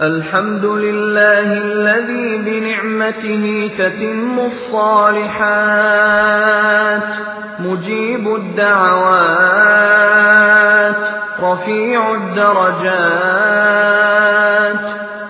الحمد لله الذي بنعمته تتم الصالحات مجيب الدعوات رفيع الدرجات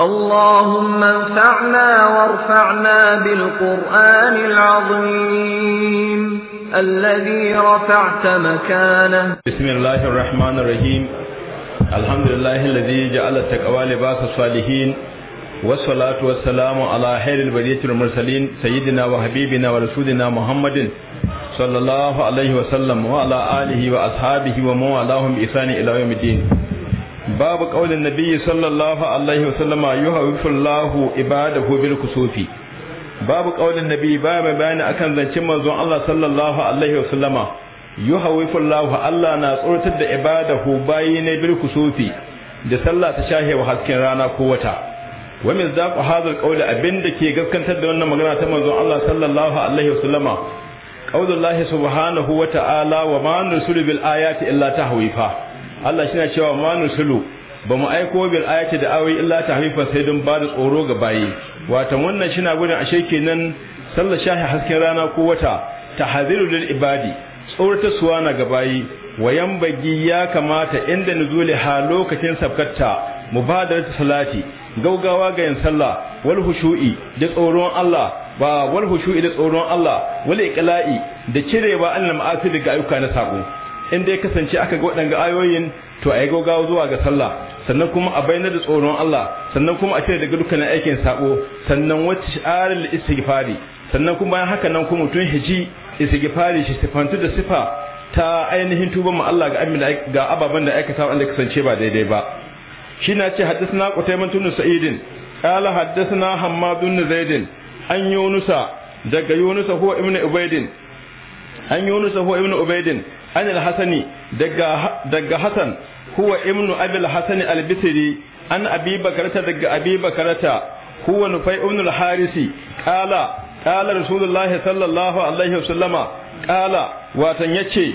اللهم انفعنا وارفعنا بالقرآن العظيم الذي رفعت مكانه بسم الله الرحمن الرحيم الحمد لله الذي جعل التقوى لباس الصالحين والصلاة والسلام على خير البرية المرسلين سيدنا وحبيبنا ورسولنا محمد صلى الله عليه وسلم وعلى آله وأصحابه وموالاهم بإحسان إلى يوم الدين babu qaulin nabiyyi sallallahu alaihi wasallam yuhawwifu Allahu ibadahu bil kusufi babu qaulin nabiyyi babu bayani akan zancin manzon Allah sallallahu alaihi wasallama yuhawwifu Allahu Allah na tsoratar da ibadahu bayi ne da sallah ta wa hasken rana ko wata wa min zaqu hadha alqawl abinda ke gaskantar da wannan magana ta manzon Allah sallallahu alaihi wasallama qaulullahi subhanahu wa ta'ala wa ma nursilu bil ayati illa tahwifa Allah shi na cewa ma nusilu ba mu aiko bil ayati da awi illa tahrifa sai don ba da tsoro ga bayi watan wannan shi na gudun ashe kenan sallar shahi hasken rana ko wata tahziru lil ibadi tsorata suwa na ga bayi wayan bagi ya kamata inda nuzuli ha lokacin sabkatta mubadaratu salati gaugawa ga yin sallah wal hushu'i da tsoron Allah ba wal hushu'i da tsoron Allah wal iqla'i da cirewa annal ma'asi ga ayyuka na sako in dai kasance aka ga waɗanga ayoyin to a yi gaugawa zuwa ga sallah sannan kuma a bayyana da tsoron Allah sannan kuma a cire daga dukkanin aikin sabo sannan wata shi'arul istighfari sannan kuma bayan haka nan kuma tun hiji istighfari shi sifantu da sifa ta ainihin tuban mu Allah ga ga ababan da aikata wanda kasance ba daidai ba shi na ce haddathana qutayman tun sa'idin qala haddathana hammad bin zaidin an yunusa daga yunusa huwa ibnu ubaidin an yunusa huwa ibnu ubaidin an al daga daga hasan huwa ibnu abi al-hasani an abi bakarata daga abi bakarata huwa nufai ibn al-harisi qala qala sallallahu alaihi wasallama qala watan yace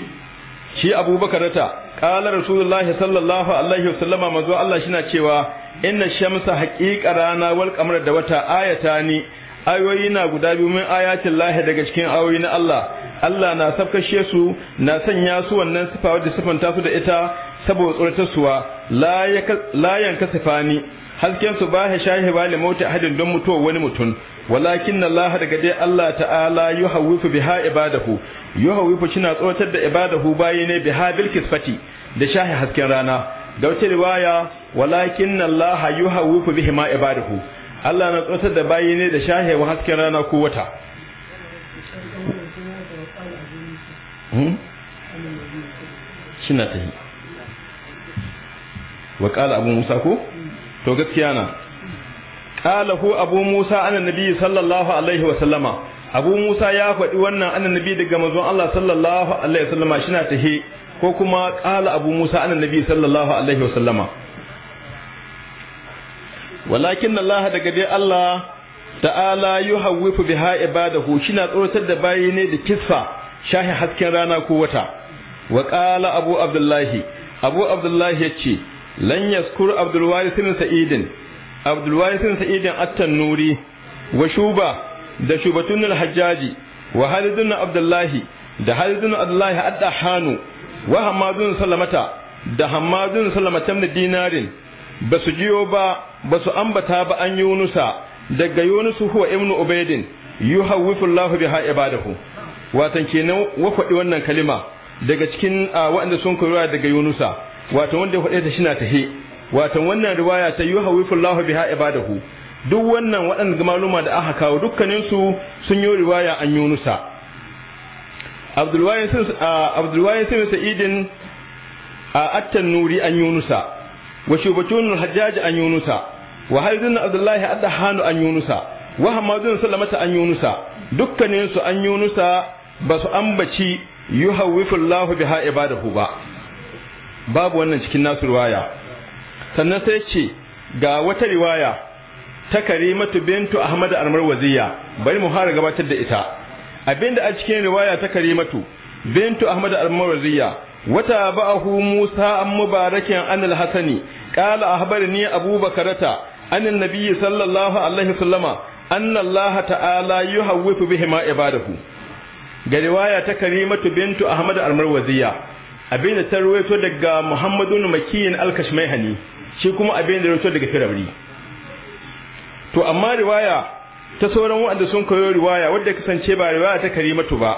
shi abubakarata qala rasulullah sallallahu alaihi wasallama manzo Allah shina cewa inna shamsa haqiqa rana wal da wata ni. ayoyi na guda biyu min ayatin lahi daga cikin ayoyi na Allah Allah na safkashe su na sanya su wannan sifa wadda sifanta su da ita saboda tsoratar suwa la yanka sifani hasken su ba ya shahi ba li mauti ahadin don mutuwa wani mutum walakin Allah daga dai Allah ta'ala yuhawifu biha ibadahu shi kina tsoratar da ibadahu bayi ne biha bilkisfati da shahi hasken rana da wata riwaya walakin Allah yuhawifu bihi ma ibadahu Allah na tsoratar da bayi ne da shahi hasken rana ko wata shina ta yi wa ƙala abu musa ko to gaskiya na ƙala ko abu musa annabi sallallahu alaihi wa sallama abu musa ya faɗi wannan annabi daga mazon allah sallallahu alaihi wa sallama na ta yi ko kuma ƙala abu musa annabi sallallahu alaihi wa sallama walakin allah daga dai allah ta'ala yuhawwifu biha ibadahu shina tsoratar da bayi ne da kisfa shahin hasken rana ko wata wa qala abu abdullahi abu abdullahi yace lan yaskur abdul waris bin sa'idin abdul waris sa'idin at-tanuri wa shuba da shubatun hajjaji wa halidun abdullahi da halidun abdullahi ad-dahanu wa hamadun salamata da hamadun salamatan da dinarin ba su jiyo ba ba su ambata ba an yunusa daga yunusu huwa ibnu ubaidin yuhawwifullahu biha ibadahu watan kenan wafaɗi wannan kalima daga cikin ah, waɗanda sun koyi daga yunusa watan wanda ya faɗe ta shi na tahe watan wannan riwaya ta yi hawifin lahu biha ibadahu duk wannan waɗanda maluma da aka kawo dukkaninsu sun yi riwaya an yunusa abdulwayin sun ah, sa'idin a ah, attan nuri an yunusa wa shubatun hajjaji an yunusa wa haizun abdullahi adda hannu an yunusa wa hamadun sallamata an yunusa dukkaninsu an yunusa ba su ambaci Allahu biha ibadahu ba babu wannan cikin nasu riwaya sannan sai ce ga wata riwaya ta karimatu bintu ahmad almarwaziya bari mu fara gabatar da ita abinda a cikin riwaya ta karimatu bintu ahmad almarwaziya wata ba'ahu musa an mubarakin an alhasani qala ahbarni abubakarata an annabi sallallahu alaihi wasallama anna allah ta'ala yuhawwifu bihima ibadahu ga riwaya ta karimatu bintu ahmad Almarwaziya abin da ta ruwaito daga muhammadun makiyin al shi kuma abin da ruwaito daga firawri to amma riwaya ta sauran wanda sun koyo riwaya wadda kasance ba riwaya ta karimatu ba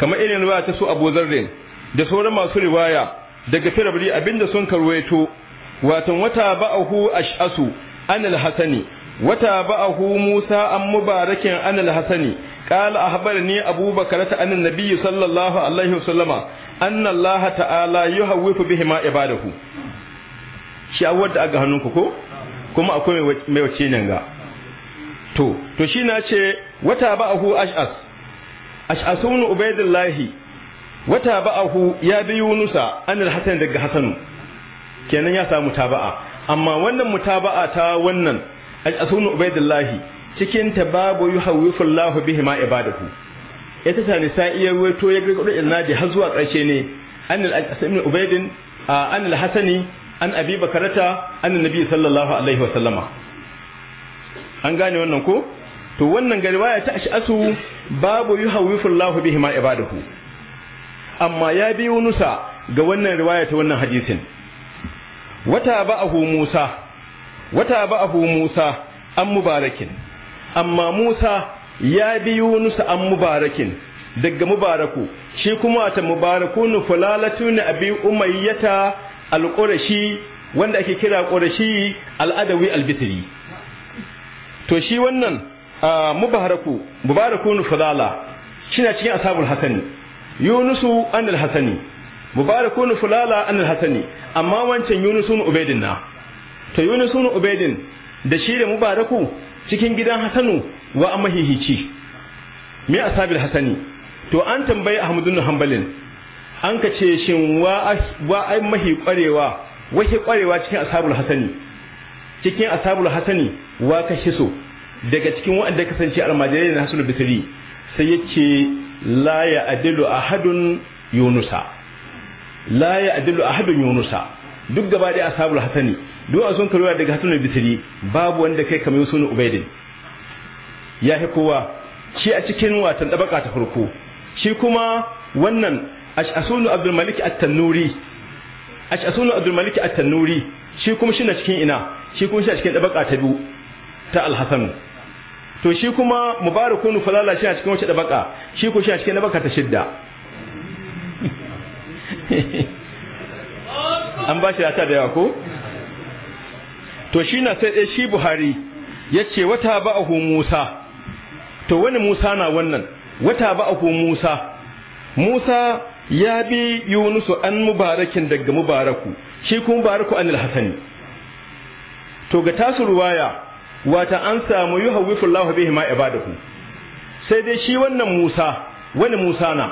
kamar irin riwaya ta su abu zarrin da sauran masu riwaya daga firawri abinda sun karuwaito watan wata ba'ahu ash'asu an hasani wata ba'ahu musa an mubarakin an hasani قال أخبرني أبو بكرة أن النبي صلى الله عليه وسلم أن الله تعالى يهوف بهما عباده shi a wadda aga hannunku ko kuma akwai mai wace nan ga to to shi na ce wata ba'ahu ash'as ash'asun ubaidillahi wata ba'ahu ya bi yunusa anil hasan daga hasanu kenan ya samu taba'a amma wannan mutaba'a ta wannan ash'asun ubaidillahi cikin ta babu yuhawwifu Allahu bihi ma ibadahu ita ta nisa'i ya wato ya ga kudin ilnadi har zuwa ƙarshe ne an al-qasim ibn ubayd an al-hasani an abi bakarata an annabi sallallahu alaihi wa sallama an gane wannan ko to wannan ga riwaya ta ash'asu babu yuhawwifu Allahu bihi ma ibadahu amma ya biyo nusa ga wannan riwaya ta wannan hadisin wata ba'ahu Musa wata ba'ahu Musa an mubarakin amma Musa ya bi Yunus an mubarakin daga mubaraku shi kuma ta mubaraku nu fulalatu ne abi umayyata alqurashi wanda ake kira qurashi aladawi albitri to shi wannan mubaraku mubaraku nu fulala shine cikin ashabul hasani yunusu an al mubaraku nu fulala an hasani amma wancan yunusun ubaidin na to yunusun ubaidin da shi da mubaraku cikin gidan hasanu wa a mahihici me asabil hasani to an tambayi ahmadun hanbalin an ka ce shin wa a mahi kwarewa wahi kwarewa cikin ashabul hasani cikin ashabul hasani wa ka hiso daga cikin wa'anda kasance almajirai na hasul bisri sai ce la ya adilu ahadun yunusa la ya adilu ahadun yunusa duk gaba da ashabul hasani Duk duwa sun karuwa daga hasan bisiri babu wanda kai kamar yusuf ubaidin ya fi kowa shi a cikin watan ɗabaƙa ta farko shi kuma wannan ash'asunu abdul malik at-tanuri ash'asunu abdul malik at-tanuri shi kuma shi na cikin ina shi kuma shi a cikin ɗabaƙa ta biyu ta al-hasan to shi kuma mubarakunu falala shi a cikin wacce ɗabaƙa shi kuma shi a cikin ɗabaƙa ta shidda an ba shi da yawa ko to shi na sai ɗaya shi buhari ya ce wata ba'ahu musa to wani musa na wannan wata ba'ahu musa musa ya bi yunusu an mubarakin daga mubaraku shi kuma mubaraku anil hasani to ga tasu ruwaya wata an samu yi hawifu lahu bihi ma ibadahu sai dai shi wannan musa wani musa na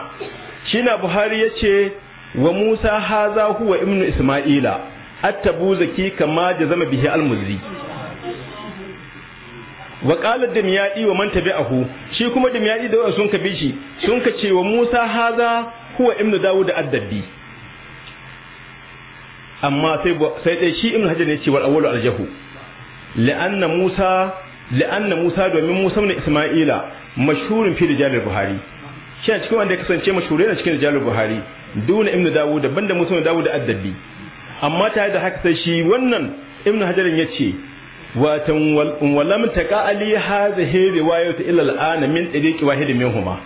shi na buhari ya ce wa musa haza huwa ibnu isma'ila attabu zaki kama da zama bihi almuzi wa qala dimyadi wa man tabi'ahu shi kuma dimyadi da wasu sun ka bishi sun ka ce wa Musa haza huwa ibnu Dawud addabi amma sai sai dai shi ibnu Hajar ne ce wal awwalu aljahu la'anna Musa la'anna Musa domin Musa ne Isma'ila mashhurin fi rijalil Buhari shi cikin wanda ya kasance mashhurai ne cikin rijalil Buhari duna ibnu Dawud banda Musa ne Dawud addabi amma yi da haka sai shi wannan ibnu hajarin ya ce watan walam taqa ali hadhihi riwayatu illa al'ana min tariqi wahid minhuma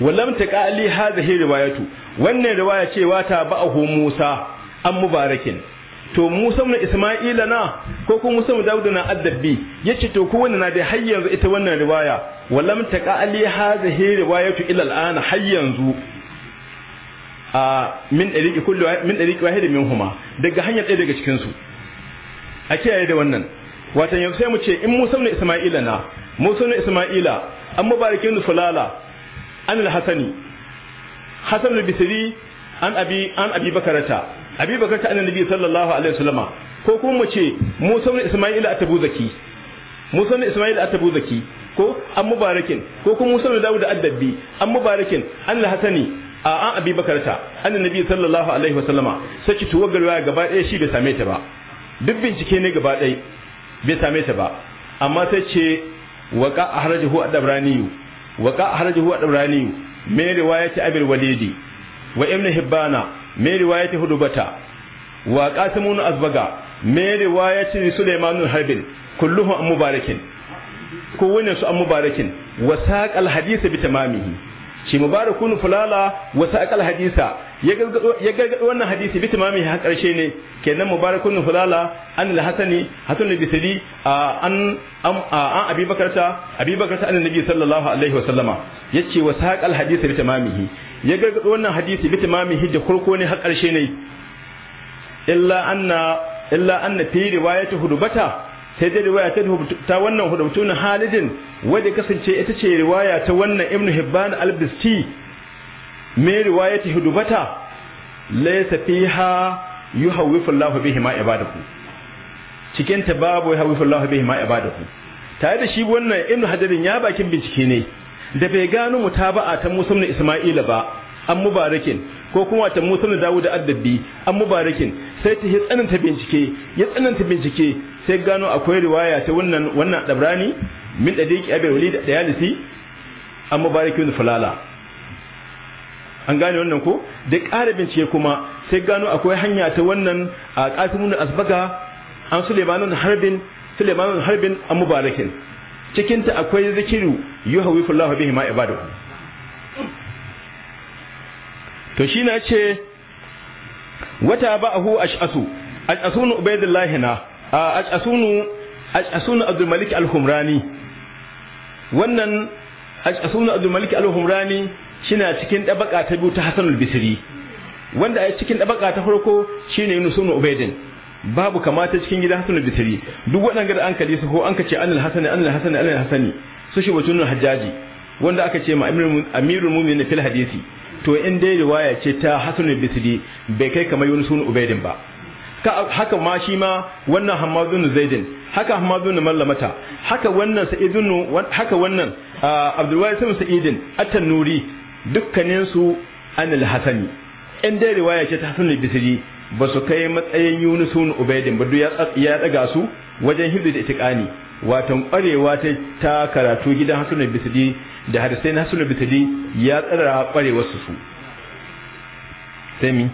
walam taqa ali hadhihi riwayatu wannan riwaya ce wata ba'ahu musa an mubarakin to musa mun isma'ila na ko ko musa mun dauda na addabi yace to ko wannan na da har yanzu ita wannan riwaya walam taqa ali hadhihi riwayatu illa al'ana har yanzu min dariqi kullu min dariqi min huma daga hanyar ɗaya daga cikin su a kiyaye da wannan watan yau sai mu ce in Musa ibn Isma'ila na Musa ibn Isma'ila an mubarakin fulala an al-Hasani Hasan al-Bisri an abi an abi bakarata abi bakarata annabi sallallahu alaihi wasallama ko kuma mu ce Musa ibn Isma'ila at-Tabuzaki Musa ibn Isma'ila at-Tabuzaki ko an mubarakin ko kuma Musa ibn Dawud ad-Dabbi an mubarakin an al-Hasani a an abi bakarta annan nabi sallallahu alaihi wasallama ki tuwa garwaya gaba ɗaya shi bai same ta ba duk bincike ne gaba ɗaya bai same ta ba amma sai ce waka a harajahu a dabraniyu waka a harajahu a dabraniyu mai riwaya ta abir walidi wa ibn hibbana mai riwaya ta hudubata wa qasimun azbaga mai riwaya ta sulaimanul harbin kulluhu an mubarakin kowane su an mubarakin wa saqal hadisi bi tamamihi shi mubarakun fulala wa saqal hadisa ya gargado wannan hadisi bi tamami har karshe ne kenan mubarakun fulala an al-hasani hasan al-bisri an an abubakar ta annabi sallallahu alaihi wa sallama yace wasu saqal hadisi bi tamami ya gargado wannan hadisi bi tamami da kurko ne har karshe ne illa anna illa anna fi riwayati hudubata sai dai riwaya ta ta wannan hudabtun halidin wadda kasance ita ce riwaya ta wannan ibnu hibban al-bisti me riwaya ta hudubata laysa fiha yuhawwifu Allah bihi ma ibadahu cikin ta babu yuhawwifu Allah bihi ma ibadahu tare da shi wannan ibnu hadarin ya bakin bincike ne da bai gano mutaba'a ta musulmin isma'ila ba an mubarakin ko kuma wata musa da dawo da addabi an mubarakin sai ta yi tsananta bincike ya tsananta bincike sai gano akwai riwaya ta wannan wannan dabrani min dake abin wali da yalisi an mubarakin fulala an gane wannan ko da ƙara bincike kuma sai gano akwai hanya ta wannan a qasimun asbaga an suleimanun harbin suleimanun harbin an mubarakin cikinta akwai zikiru yuhawifullahu bihi ma ibadahu to shi na ce wata ba'ahu ash'asu ash'asunu ubaidullahi na ash'asunu ash'asunu abdul malik al-humrani wannan ash'asunu abdul malik al cikin dabaka ta biyu ta hasan bisri wanda a cikin dabaka ta farko shine yunusunu ubaidin babu kamata cikin gidan hasan bisri duk waɗanda da an kalle su ko an kace anil hasani anil hasani hasani su shi batun hajjaji wanda aka ce ma amirul mu'minin fil hadisi to in dai riwaya ce ta hasan al-bisri bai kai kamar yunus bin ubaidin ba haka ma shi ma wannan hamadun zaidin haka hamadun mallamata haka wannan sa'idun haka wannan wahid bin sa'idin at-tanuri dukkanin su al hasani in dai riwaya ce ta hasan al-bisri ba su kai matsayin yunus bin ubaidin ba duk ya daga su wajen hidda da itiqani watan kwarewa ta ta karatu gidan Hassan Bisri da hadisai na Hassan Bisri ya tsara kwarewa su su sai mi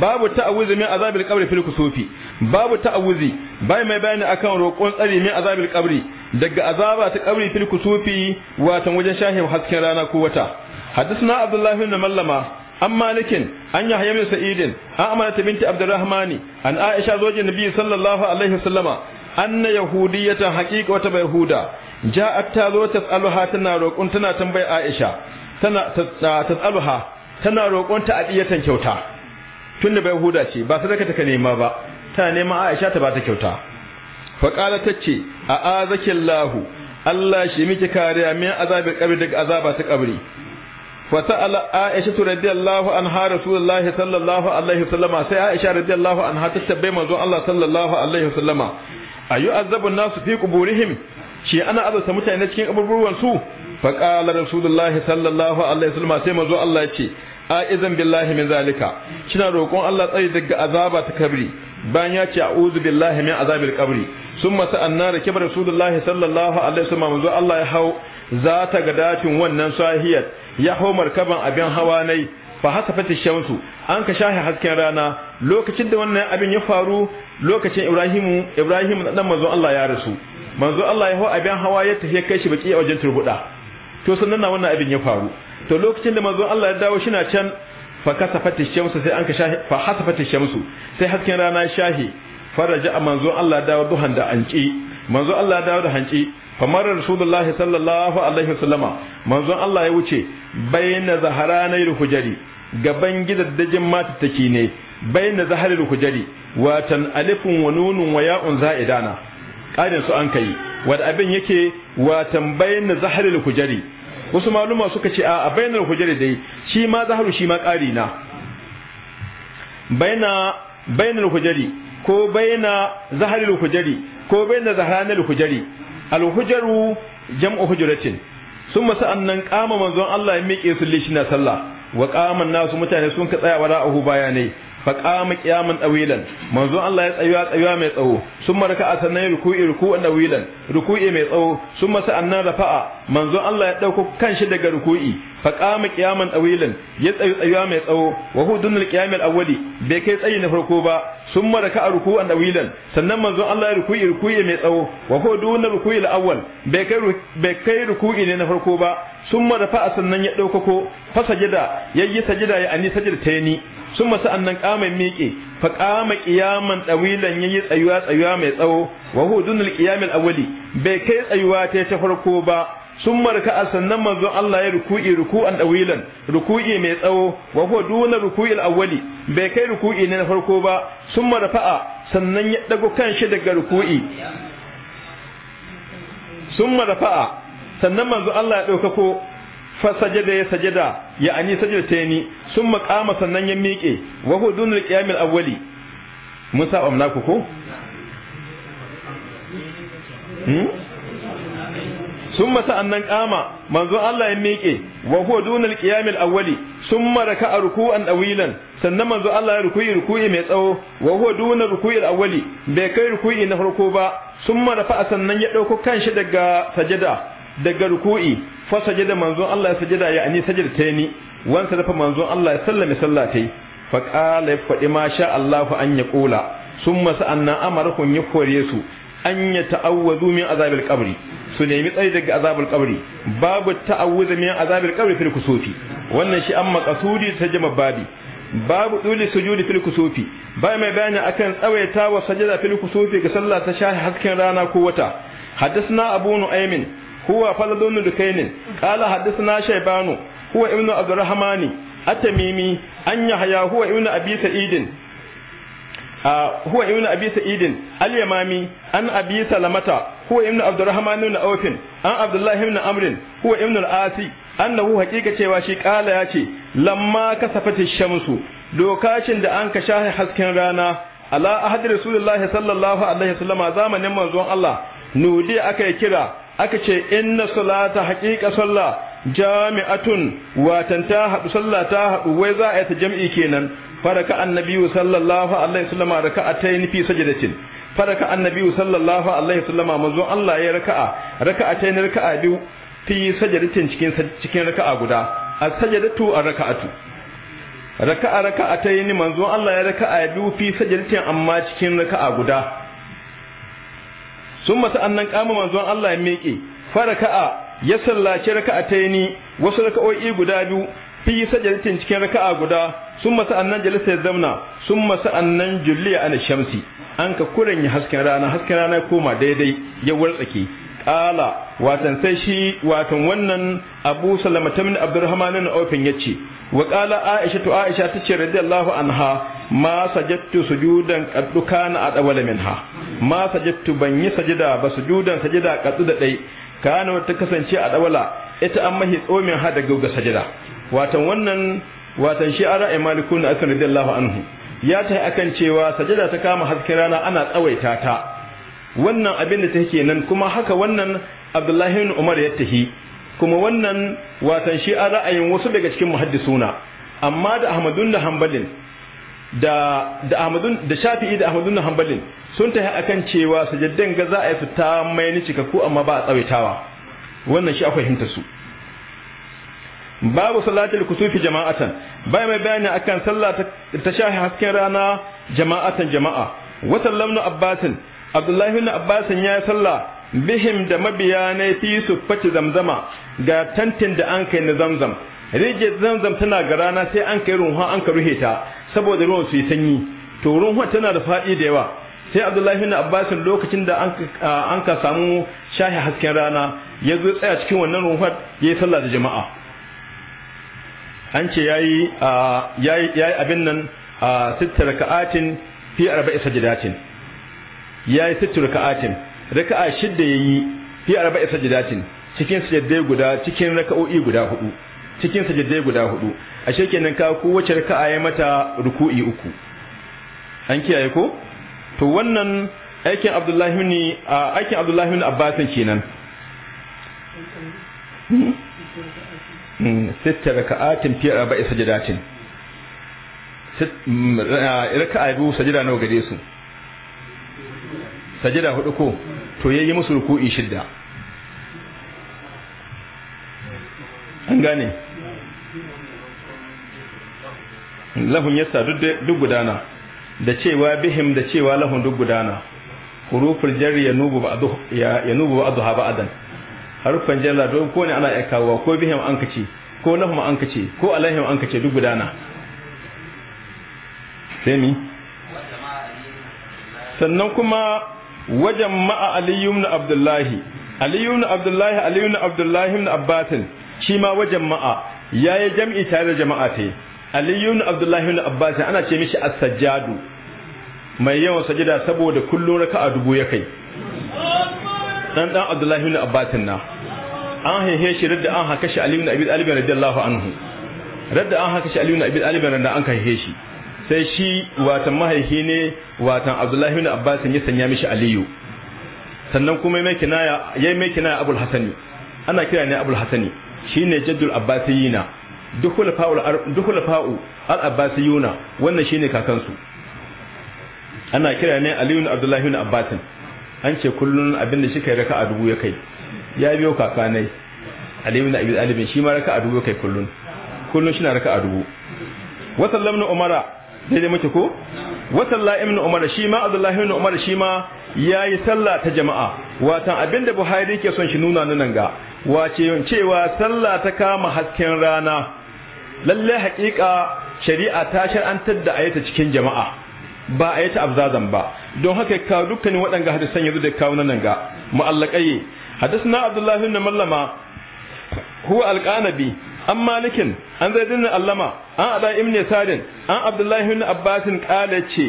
babu ta'awuzi min azabil qabri fil kusufi babu ta'awuzi bai mai bayani akan roƙon tsari min azabil qabri daga azaba ta qabri fil kusufi watan wajen shahin hasken rana ko wata hadisna abdullahi ibn mallama an malikin an yahya bin sa'idin an amana ta binti abdurrahmani an aisha zojin nabi sallallahu alaihi wasallama anna yahudiyatan haqiqa wata bai huda ja'at ta zo tas'aluha tana roƙon tana tambayi Aisha tana tas'aluha tana roƙon ta adiyatan kyauta tunda bai huda ce ba sadaka take nema ba tana neman Aisha ta bata ta kyauta fa qala tace a'azakillahu Allah shi miki kariya min azabil qabri daga azaba ta kabri فسأل عائشة رضي الله عنها رسول الله صلى الله عليه وسلم سي عائشة رضي الله عنها تتبع منزون الله صلى الله عليه وسلم أيو أذب الناس في قبورهم شي أنا أذب سمتع نتكين قبور وانسو فقال رسول الله صلى الله عليه وسلم سي منزون الله يتي أعزم بالله من ذلك شنا روكون الله تأيدك أذاب تكبري بان يتي أعوذ بالله من عذاب القبري summa sa'anna rake ba rasulullahi sallallahu alaihi wasallam manzo Allah ya hau za ga dacin wannan sahiyar ya hau markaban abin hawa nai fa hasafat shamsu an ka shahi hasken rana lokacin da wannan abin ya faru lokacin Ibrahimu Ibrahim dan manzo Allah ya rasu manzo Allah ya hau abin hawa ya tafi kai shi baki a wajen turbuda to sannan na abin ya faru to lokacin da manzo Allah ya dawo shi na can fa shamsu sai an ka shahi fa shamsu sai hasken rana shahi faraja manzo Allah dawo duhan da hanci manzo Allah dawo da hanci famar rasulullahi sallallahu alaihi wasallama manzo Allah ya wuce bayna zaharanai hujari gaban mata matattaki ne bayna zaharil hujari watan alifun wa nunun wa ya'un za'idana ƙarin su an kai wad abin yake watan bayna zaharil hujari wasu maluma suka ce a bayna hujari dai shi ma zaharu shi ma ƙari na bayna bainar hujjari ko baina zaharil hujari ko baina zaharanil hujari al hujaru jam'u hujratin sun masu annan kama manzon Allah ya miƙe su lishi na sallah wa kama nasu mutane sun ka tsaya wa bayanai Allah ya طويلا tsayuwa mai tsawo. تسيوا تسيوا مي تسو ya ruku'i سنن ركوعي ركوعا طويلا ركوعي مي تسو ثم سأنا رفع منزون الله يا دوكو كانشي daga ruku'i فقام قياما طويلا Ya تسيوا tsayuwa mai tsawo. وهو دون القيام الاولي bai kai tsayi na farko ba sun maraka a ruku'an dawilan sannan manzon Allah ya ruku'i ruku'i mai tsawo wa ko ruku'i al bai kai ruku'i ne na farko ba sun marafa sannan ya dauka ko fa ya yayi sajida ya ani sajida tayni sun masu annan kama miƙe fa kama qiyaman tsawilan yi tsayuwa tsayuwa mai tsawo wa hudunul qiyamil awwali bai kai tsayuwa ta ta farko ba sun marka a sannan manzon Allah ya ruku'i ruku'an dawilan ruku'i mai tsawo wa huwa ruku'il awwali bai kai ruku'i na farko ba sun marfa'a sannan ya dago kanshi daga ruku'i sun marfa'a sannan manzo Allah ya ɗaukako fa sajada ya sajada ya ani ni sun maqama sannan ya miƙe wa hudunul qiyamil awwali mun saba mun ku ko hmm summa sa'annan kama manzo Allah ya miƙe wa huwa dunal qiyamil awwali summa raka'a an dawilan sannan manzo Allah ya ruku'i ruku'i mai tsawo wa huwa dunal ruku'il awwali bai kai ruku'i na farko ba summa rafa'a sannan ya dauko kanshi daga sajada daga ruku'i fa sajada manzon Allah ya sajada ya ani sajadataini wan sadafa manzon Allah ya sallame sallatai fa qala ya fadi ma sha Allahu an ya qula summa sa'anna amarakun ya kore su an ya ta'awwazu min azabil qabri su nemi tsayi daga azabul qabri babu ta'awwuz min azabil qabri fil kusufi wannan shi amma qasudi sajama babi babu dole sujudi fil kusufi bai mai bayani akan tsawaita wa sajada fil kusufi ga sallah ta shahi hasken rana ko wata حدثنا أبو نعيم هو فلد بن دكين قال حدثنا شيبان هو ابن عبد الرحمن التميمي أن يحيى هو ابن أبي سعيد هو ابن أبي سعيد اليمامي أن أبي سلمة هو ابن عبد الرحمن بن أوف أن عبد الله بن عمرو هو ابن الآسي annahu haƙiƙa cewa shi ƙala ya ce lamma kasafati shamsu lokacin da an ka hasken rana ala ahadi rasulullahi sallallahu alaihi wasallama zamanin manzon Allah nudi aka yi kira aka ce inna salata haƙiƙa sallah jami'atun watan ta haɗu sallah ta haɗu wai za a yi ta jam'i kenan faraka annabiyu sallallahu alaihi wasallam raka'atayn fi sajdatin faraka annabiyu sallallahu alaihi wasallam manzo Allah ya raka'a raka'atayn raka'a biyu fi sajdatin cikin cikin raka'a guda a sajdatu a rakaatu raka'a raka'atayn manzo Allah ya raka'a biyu fi sajdatin amma cikin raka'a guda sun masu annan kama manzon Allah ya miƙe faraka'a ya sallaci raka'a ta yini wasu raka'o'i guda biyu fi sajadatin cikin raka'a guda sun masa annan jalisa ya zamna sun masa annan julliya ana shamsi an ka kuren ya hasken rana hasken rana koma daidai ya wartsake kala watan sai shi watan wannan Abu Salama tamin Abdurrahman ofin ya ce wa kala Aisha to Aisha ta tace radiyallahu anha ma sajadtu sujudan qaddu kana adawala minha ma sajattu ban yi sajida ba sujudan sajida qaddu da dai kana ta kasance a dawala ita an mahi tsomin ha daga ga sajida watan wannan watan shi ara imalikun akan radiyallahu anhu ya ta akan cewa sajida ta kama hasken rana ana tsawaita ta wannan abin da take nan kuma haka wannan abdullahi bin umar ya tahi kuma wannan watan shi an ra'ayin wasu daga cikin muhaddisuna amma da ahmadun da hanbalin da da ahmadun da shafi'i da ahmadun da hanbalin sun tahi akan cewa sajaddan ga za a yi fita mai ni cika ko amma ba a tsawaitawa wannan shi akwai fahimta su babu salatul kusufi jama'atan bai mai bayani akan sallah ta shahi hasken rana jama'atan jama'a wa sallamnu abbasin abdullahi ibn abbas ya salla bihim da mabiya ne fi fati zamzama ga tantin da an kai na zamzam rijiyar zamzam tana ga rana sai an kai ruwa an ka ruhe ta saboda ruwan su yi sanyi to ruwan tana da faɗi da yawa sai abdullahi ibn abbas lokacin da an ka samu shahi hasken rana ya zo tsaya cikin wannan ruwan ya yi sallah da jama'a an ce yayi yayi abin nan sittar ka'atin fi arba'i sajdatin yi sittu raka'atin raka'a shidda yi fi arba'i sajdatin cikin sajaddai guda cikin raka'o'i guda hudu cikin sajaddai guda hudu ashe nan ka ko wace raka'a ya mata ruku'i uku an kiyaye ko to wannan aikin Abdullahi ne aikin Abdullahi ne abbasin kenan hmm? Hmm, sitta raka'atin fi arba'i sajdatin hmm, raka'a biyu sajda nawa gare su sajada hudu ko to yayi musu ruku'i shidda an gane lahum yasa duk gudana da cewa bihim da cewa lahum duk gudana huruful jarri yanubu ba'du yanubu ba'du ha ba'dan harfan jarra don ko ne ana aikawa ko bihim an kace ko lahum an kace ko alaihim an kace duk gudana sai mi sannan kuma wajen ma'a aliyu ibn abdullahi aliyu ibn abdullahi aliyu ibn abdullahi ibn abbas shi ma wajen ma'a ya yi jam'i tare da jama'a tai aliyu ibn abdullahi ibn Abbatin ana ce mishi as-sajjadu mai yawan sajida saboda kullum raka a dubu ya kai dan dan abdullahi ibn Abbatin na an hehe shi radda an haka shi aliyu na abi talib radiyallahu anhu radda an haka shi aliyu ibn abi talib radda an kai shi sai shi watan mahaifi ne watan abdullahi bin abbas ya sanya mishi aliyu sannan kuma mai kinaya yayi mai kinaya abul hasani ana kira ne abul hasani shine jaddul abbasiyina dukul fa'ul dukul fa'u al abbasiyuna wannan shine kakansu ana kira ne aliyu bin abdullahi bin abbas an ce kullun abin da shi kai raka'a dubu ya kai ya biyo kakanai aliyu bin abi talib shi ma raka'a dubu kai kullun kullun shi na raka'a dubu wa sallamna umara daidai muke ko sallallahu ibn umar shi ma abdullahi ibn umar shi ma yayi sallah ta jama'a watan abinda buhari yake son shi nuna nan ga wace cewa sallah ta kama hasken rana lalle haƙiƙa shari'a ta shar'antar da ayata cikin jama'a ba ayata abzazan ba don haka ka dukkanin waɗanga hadisan yanzu da kawo nan ga muallakai hadisna abdullahi الله mallama huwa alqanabi an malikin an zaidun allama an ada imni sadin an abdullahi ibn abbasin kala ce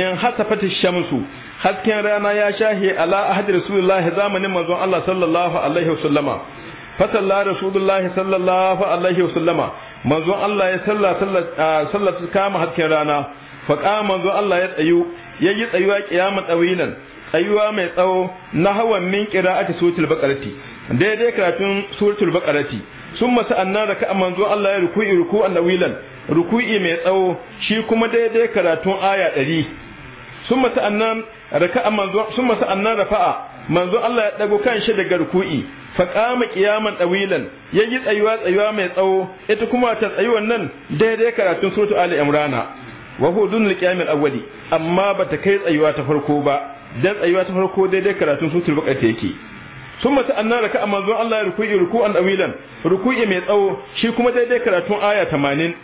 in hasafat shamsu hasken rana ya shahi ala ahad rasulullah zamanin manzon Allah sallallahu alaihi wasallama fasalla rasulullah sallallahu alaihi wasallama manzon Allah ya salla salla kama hasken rana fa kama manzon Allah ya tsayu yayi tsayuwa kiyamat tsawilan tsayuwa mai tsawo na hawan min qira'ati suratul baqarati daidai karatun suratul baqarati sun masa annan raka'a manzo Allah ya ruku'i ruku'an nawilan ruku'i mai tsawo shi kuma daidai karatun aya 100 sun masa annan raka'a manzo sun masa annan rafa'a manzo Allah ya dago kanshi daga ruku'i fa qama qiyaman tawilan yayi tsayuwa tsayuwa mai tsawo ita kuma ta tsayuwan nan daidai karatun suratul ali imran wa hudun liqiyamil awwali amma bata kai tsayuwa ta farko ba dan tsayuwa ta farko daidai karatun suratul baqarati yake sun mata an nara ka a manzon Allah ya ruku'i an awilan ruku'i mai tsawo shi kuma daidai karatun aya tamanin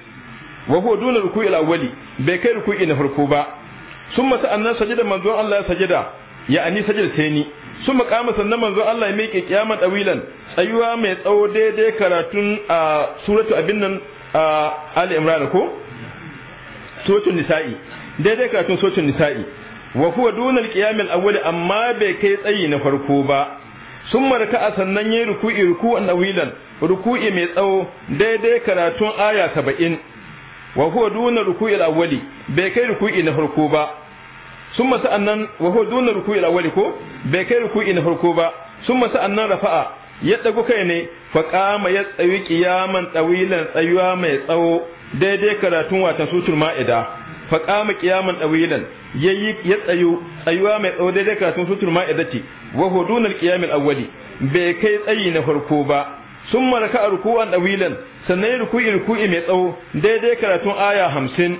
wa huwa duna ruku'i al awali bai kai ruku'i na farko ba sun mata annan sajida manzon Allah ya sajida ya ani sajida sai ni sun makama sannan manzon Allah ya miƙe kiyaman awilan tsayuwa mai tsawo daidai karatun a suratu abin nan a Ali Imran ko sotun nisa'i daidai karatun sotun nisa'i wa huwa duna al-qiyam amma bai kai tsayi na farko ba sun marka a sannan ya ruku'i ruku'an nawilan ruku'i mai tsawo daidai karatun aya saba'in wa huwa duna ruku'il awwali bai kai ruku'i na farko ba summa masa annan wa huwa duna ruku'il awwali ko bai kai ruku'i na farko ba summa masa annan rafa'a ya dago kai ne fa qama ya tsayi qiyaman tawilan tsayuwa mai tsawo daidai karatun wata sutul ma'ida fa qama qiyaman dawilan yayi ya tsayo tsayuwa mai tsawo daidai kafin sutur ma'idati wa hudunal qiyamil awwali bai kai tsayi na farko ba sun raka a ruku'an ɗawilan sannan ruku'i ruku'i mai tsawo daidai karatun aya hamsin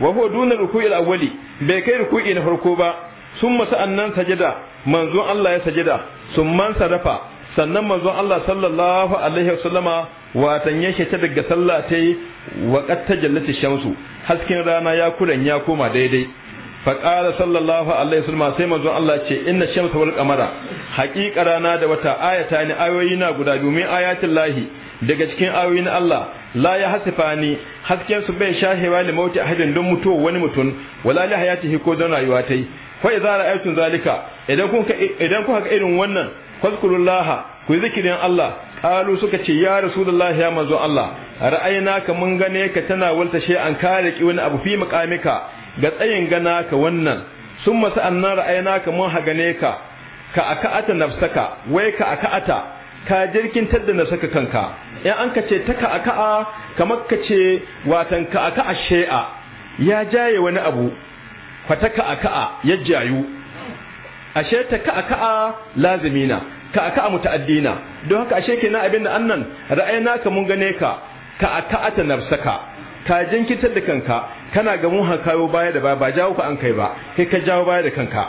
wa huwa duna ruku'il awwali bai kai ruku'i na farko ba sun masa annan sajada manzon Allah ya sajada sun man sarafa sannan manzon Allah sallallahu alaihi wasallama watan ya ta daga sallah ta yi wa qatta jallati shamsu hasken rana ya kuren ya koma daidai fa qala sallallahu alaihi wasallama sai manzon Allah ce inna shamsa wal qamara haqiqa rana da wata ayata ne ayoyi na guda domin ayatin lahi daga cikin ayoyi Allah la ya hasifani hasken su bai shahewa li mauti ahadin don mutuwa wani mutum wala li hayatihi ko don rayuwa tai fa idza ra'aytum zalika idan kun idan kun ka irin wannan fazkurullaha ku yi zikirin Allah qalu suka ce ya rasulullahi ya manzo Allah ra'ayina ka mun gane ka tana walta shi an kare ki wani abu fi maqamika ga tsayin gana ka wannan summa sa'annan ra'ayina ka mun hagane ka ka ata nafsaka wai ka ata ka jirkin tadda na saka kanka in an ka ce ta ka a kamar ka ce watan ka aka'a shay'a ya jaye wani abu fataka aka'a ya jayu ashe ta ka'a ka'a lazimina ka'a ka'a muta'addina don haka ashe kenan abin da annan ra'ayina ka mun gane ka ka'a ka'a ta nafsaka ka jinkitar da kanka kana ga mun kayo baya da baya ba jawo ka an kai ba kai ka jawo baya da kanka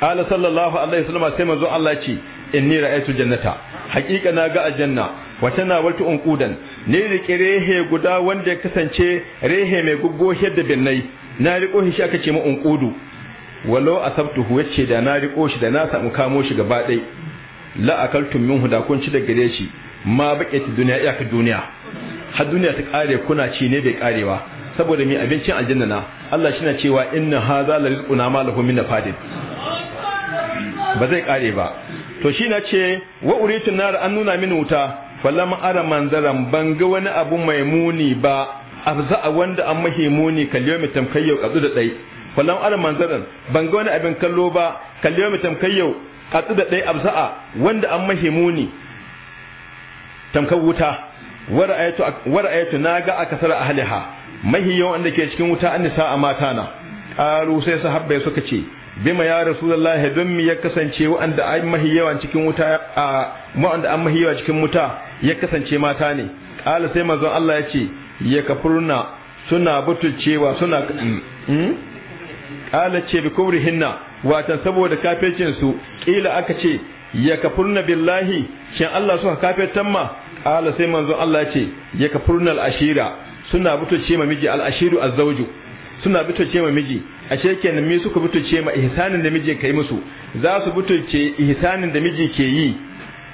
qala sallallahu alaihi wasallam sai manzo Allah ce inni ra'aytu jannata haqiqa na ga aljanna wa tana waltu unqudan ne rike rehe guda wanda ya kasance rehe mai guggo da binnai na riko shi aka ce mu unqudu Walo Asabtu hu yace da na riko shi da na samu kamo shi gaba dai la akaltum hu da kun ci da gare shi ma ta duniya ya ka duniya har duniya ta kare kuna ci ne bai karewa saboda mi abincin aljanna na Allah shi na cewa inna hadha la rizquna ma lahu min nafadin ba zai kare ba to shi na ce wa uritu nar an nuna min wuta falam ara manzaran ban ga wani abu mai muni ba afza wanda an mahi muni kalliyo mai tamkayyau kazu da dai falam alam manzaran ban ga wani abin kallo ba kalli yau tamkayyau a tsida ɗaya absa'a wanda an ni. tamkar wuta wara ayatu na ga aka sara ahliha yawan wanda ke cikin wuta an nisa a mata na qalu sai sahabbai suka ce bima ya rasulullahi don mi ya kasance wanda an mahiyawa cikin wuta a wanda an mahiyawa cikin wuta ya kasance mata ne qala sai manzon Allah ya ce ya kafurna suna butulcewa suna mm, mm? Ala ce bi kufrihinna watan saboda kafircin su kila aka ce ya kafurna billahi shin Allah suka kafirtan ma Ala sai manzon Allah ce ya kafurna al-ashira suna ce ma miji al-ashiru az-zawju suna ma miji ashe kenan mi suka ce ma ihsanin da miji kai musu za su ce ihsanin da miji ke yi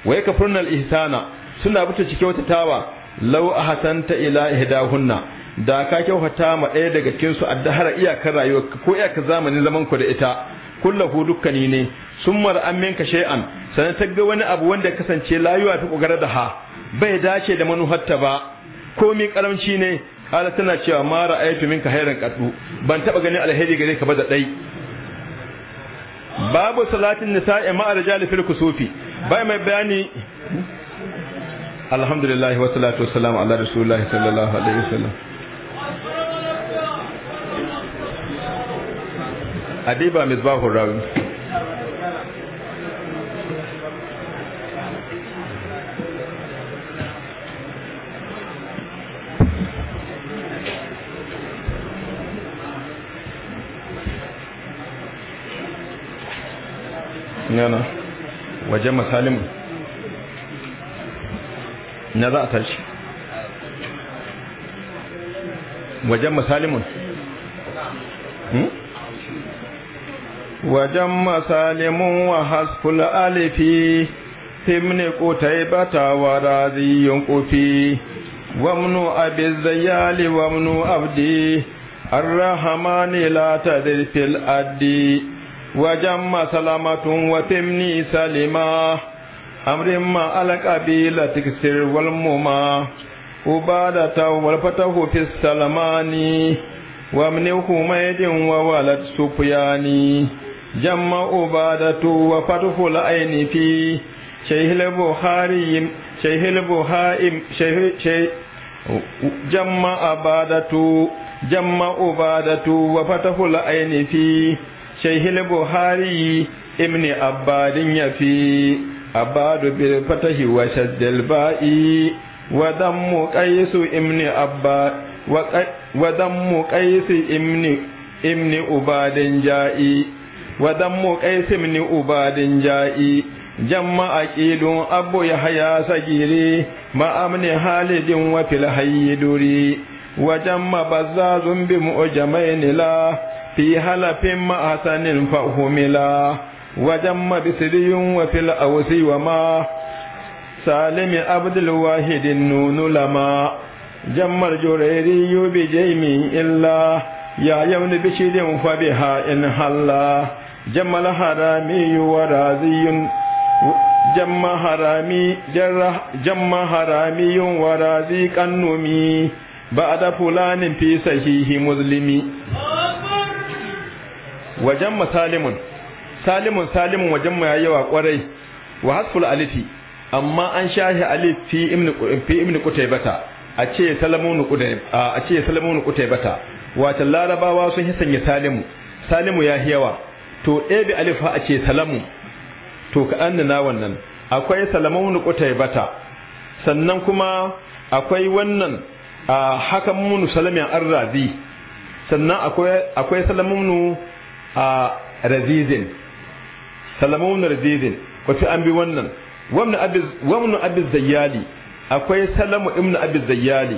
wa ya kafurna ihsana suna butuce kyautatawa law ahsanta ila ihdahunna da ka kyauta ma ɗaya daga cikin su addahara iyakar rayuwa ko iyakar zamani zaman ku da ita kullahu dukkani ne sun mara an minka shay'an sanan ta ga wani abu wanda kasance layuwa fi kokarar da ha bai dace da manuharta ba mi karamci ne Allah tana cewa ma ra'aytu minka hayran qatu ban taba ganin alheri gare ka ba da dai babu salatin nisa'i ma rajali fil kusufi bai mai bayani alhamdulillah wa salatu wassalamu ala rasulillah sallallahu alaihi wasallam adiba misbahur rawi yana waje misalin na za a tashi wajen misalimun? وجم سالم وحسف الألف في ابن قتيبة وراضي قفي وابن أبي الزيال وابن أبدي الرحمن لا تذر في الأدي وجم سلامة وتمني سلمة أمر ما القبيلة تكسر والمما عبادة والفتح في السلماني ومن حميد وولد سفياني jamma ubadatu wa fatuful ayni fi sheyhl buhariyi sheyhl buhaim jamma abadatu jamma ubadatu wa fatuful ayni fi sheyhl buhariyi imni abbadinya fi abadu bir fatahi wa shaddel ba'i wa dammu qaysu imni abba wa dammu qaysi imni imni ubadin ja'i wa dammu qais ni ubadin ja'i jamma aqilun abu yahya sagiri ma amni halidin wa fil hayyiduri wa jamma bazzazun bi mu'jamain la fi halafin ma hasanin fa humila wa jamma bisriyun wa fil awsi wa ma سالم عبد الواحد النون لما جم الجريري بجيم إلا يا يوم بشير فبها إن جم الحرامي ورازي جم حرامي جرح جم حرامي ورازي كنمي بعد فلان في صحيح مسلم وجم سالم سالم سالم وجم يا يوا amma an shahi alif fi ibn fi ibn qutaybata a ce salamunu qutayb a ce salamunu qutaybata larabawa sun hisanya salimu salimu ya yi yawa. to bi alif ha a ce salamu to ka na wannan akwai salamun nukutai bata sannan kuma akwai wannan a haka munu salamin arrazi sannan akwai salamunu a razizin salamunu razizin wato an bi wannan wamnu abin zayyali akwai salamu imnu abin zayyali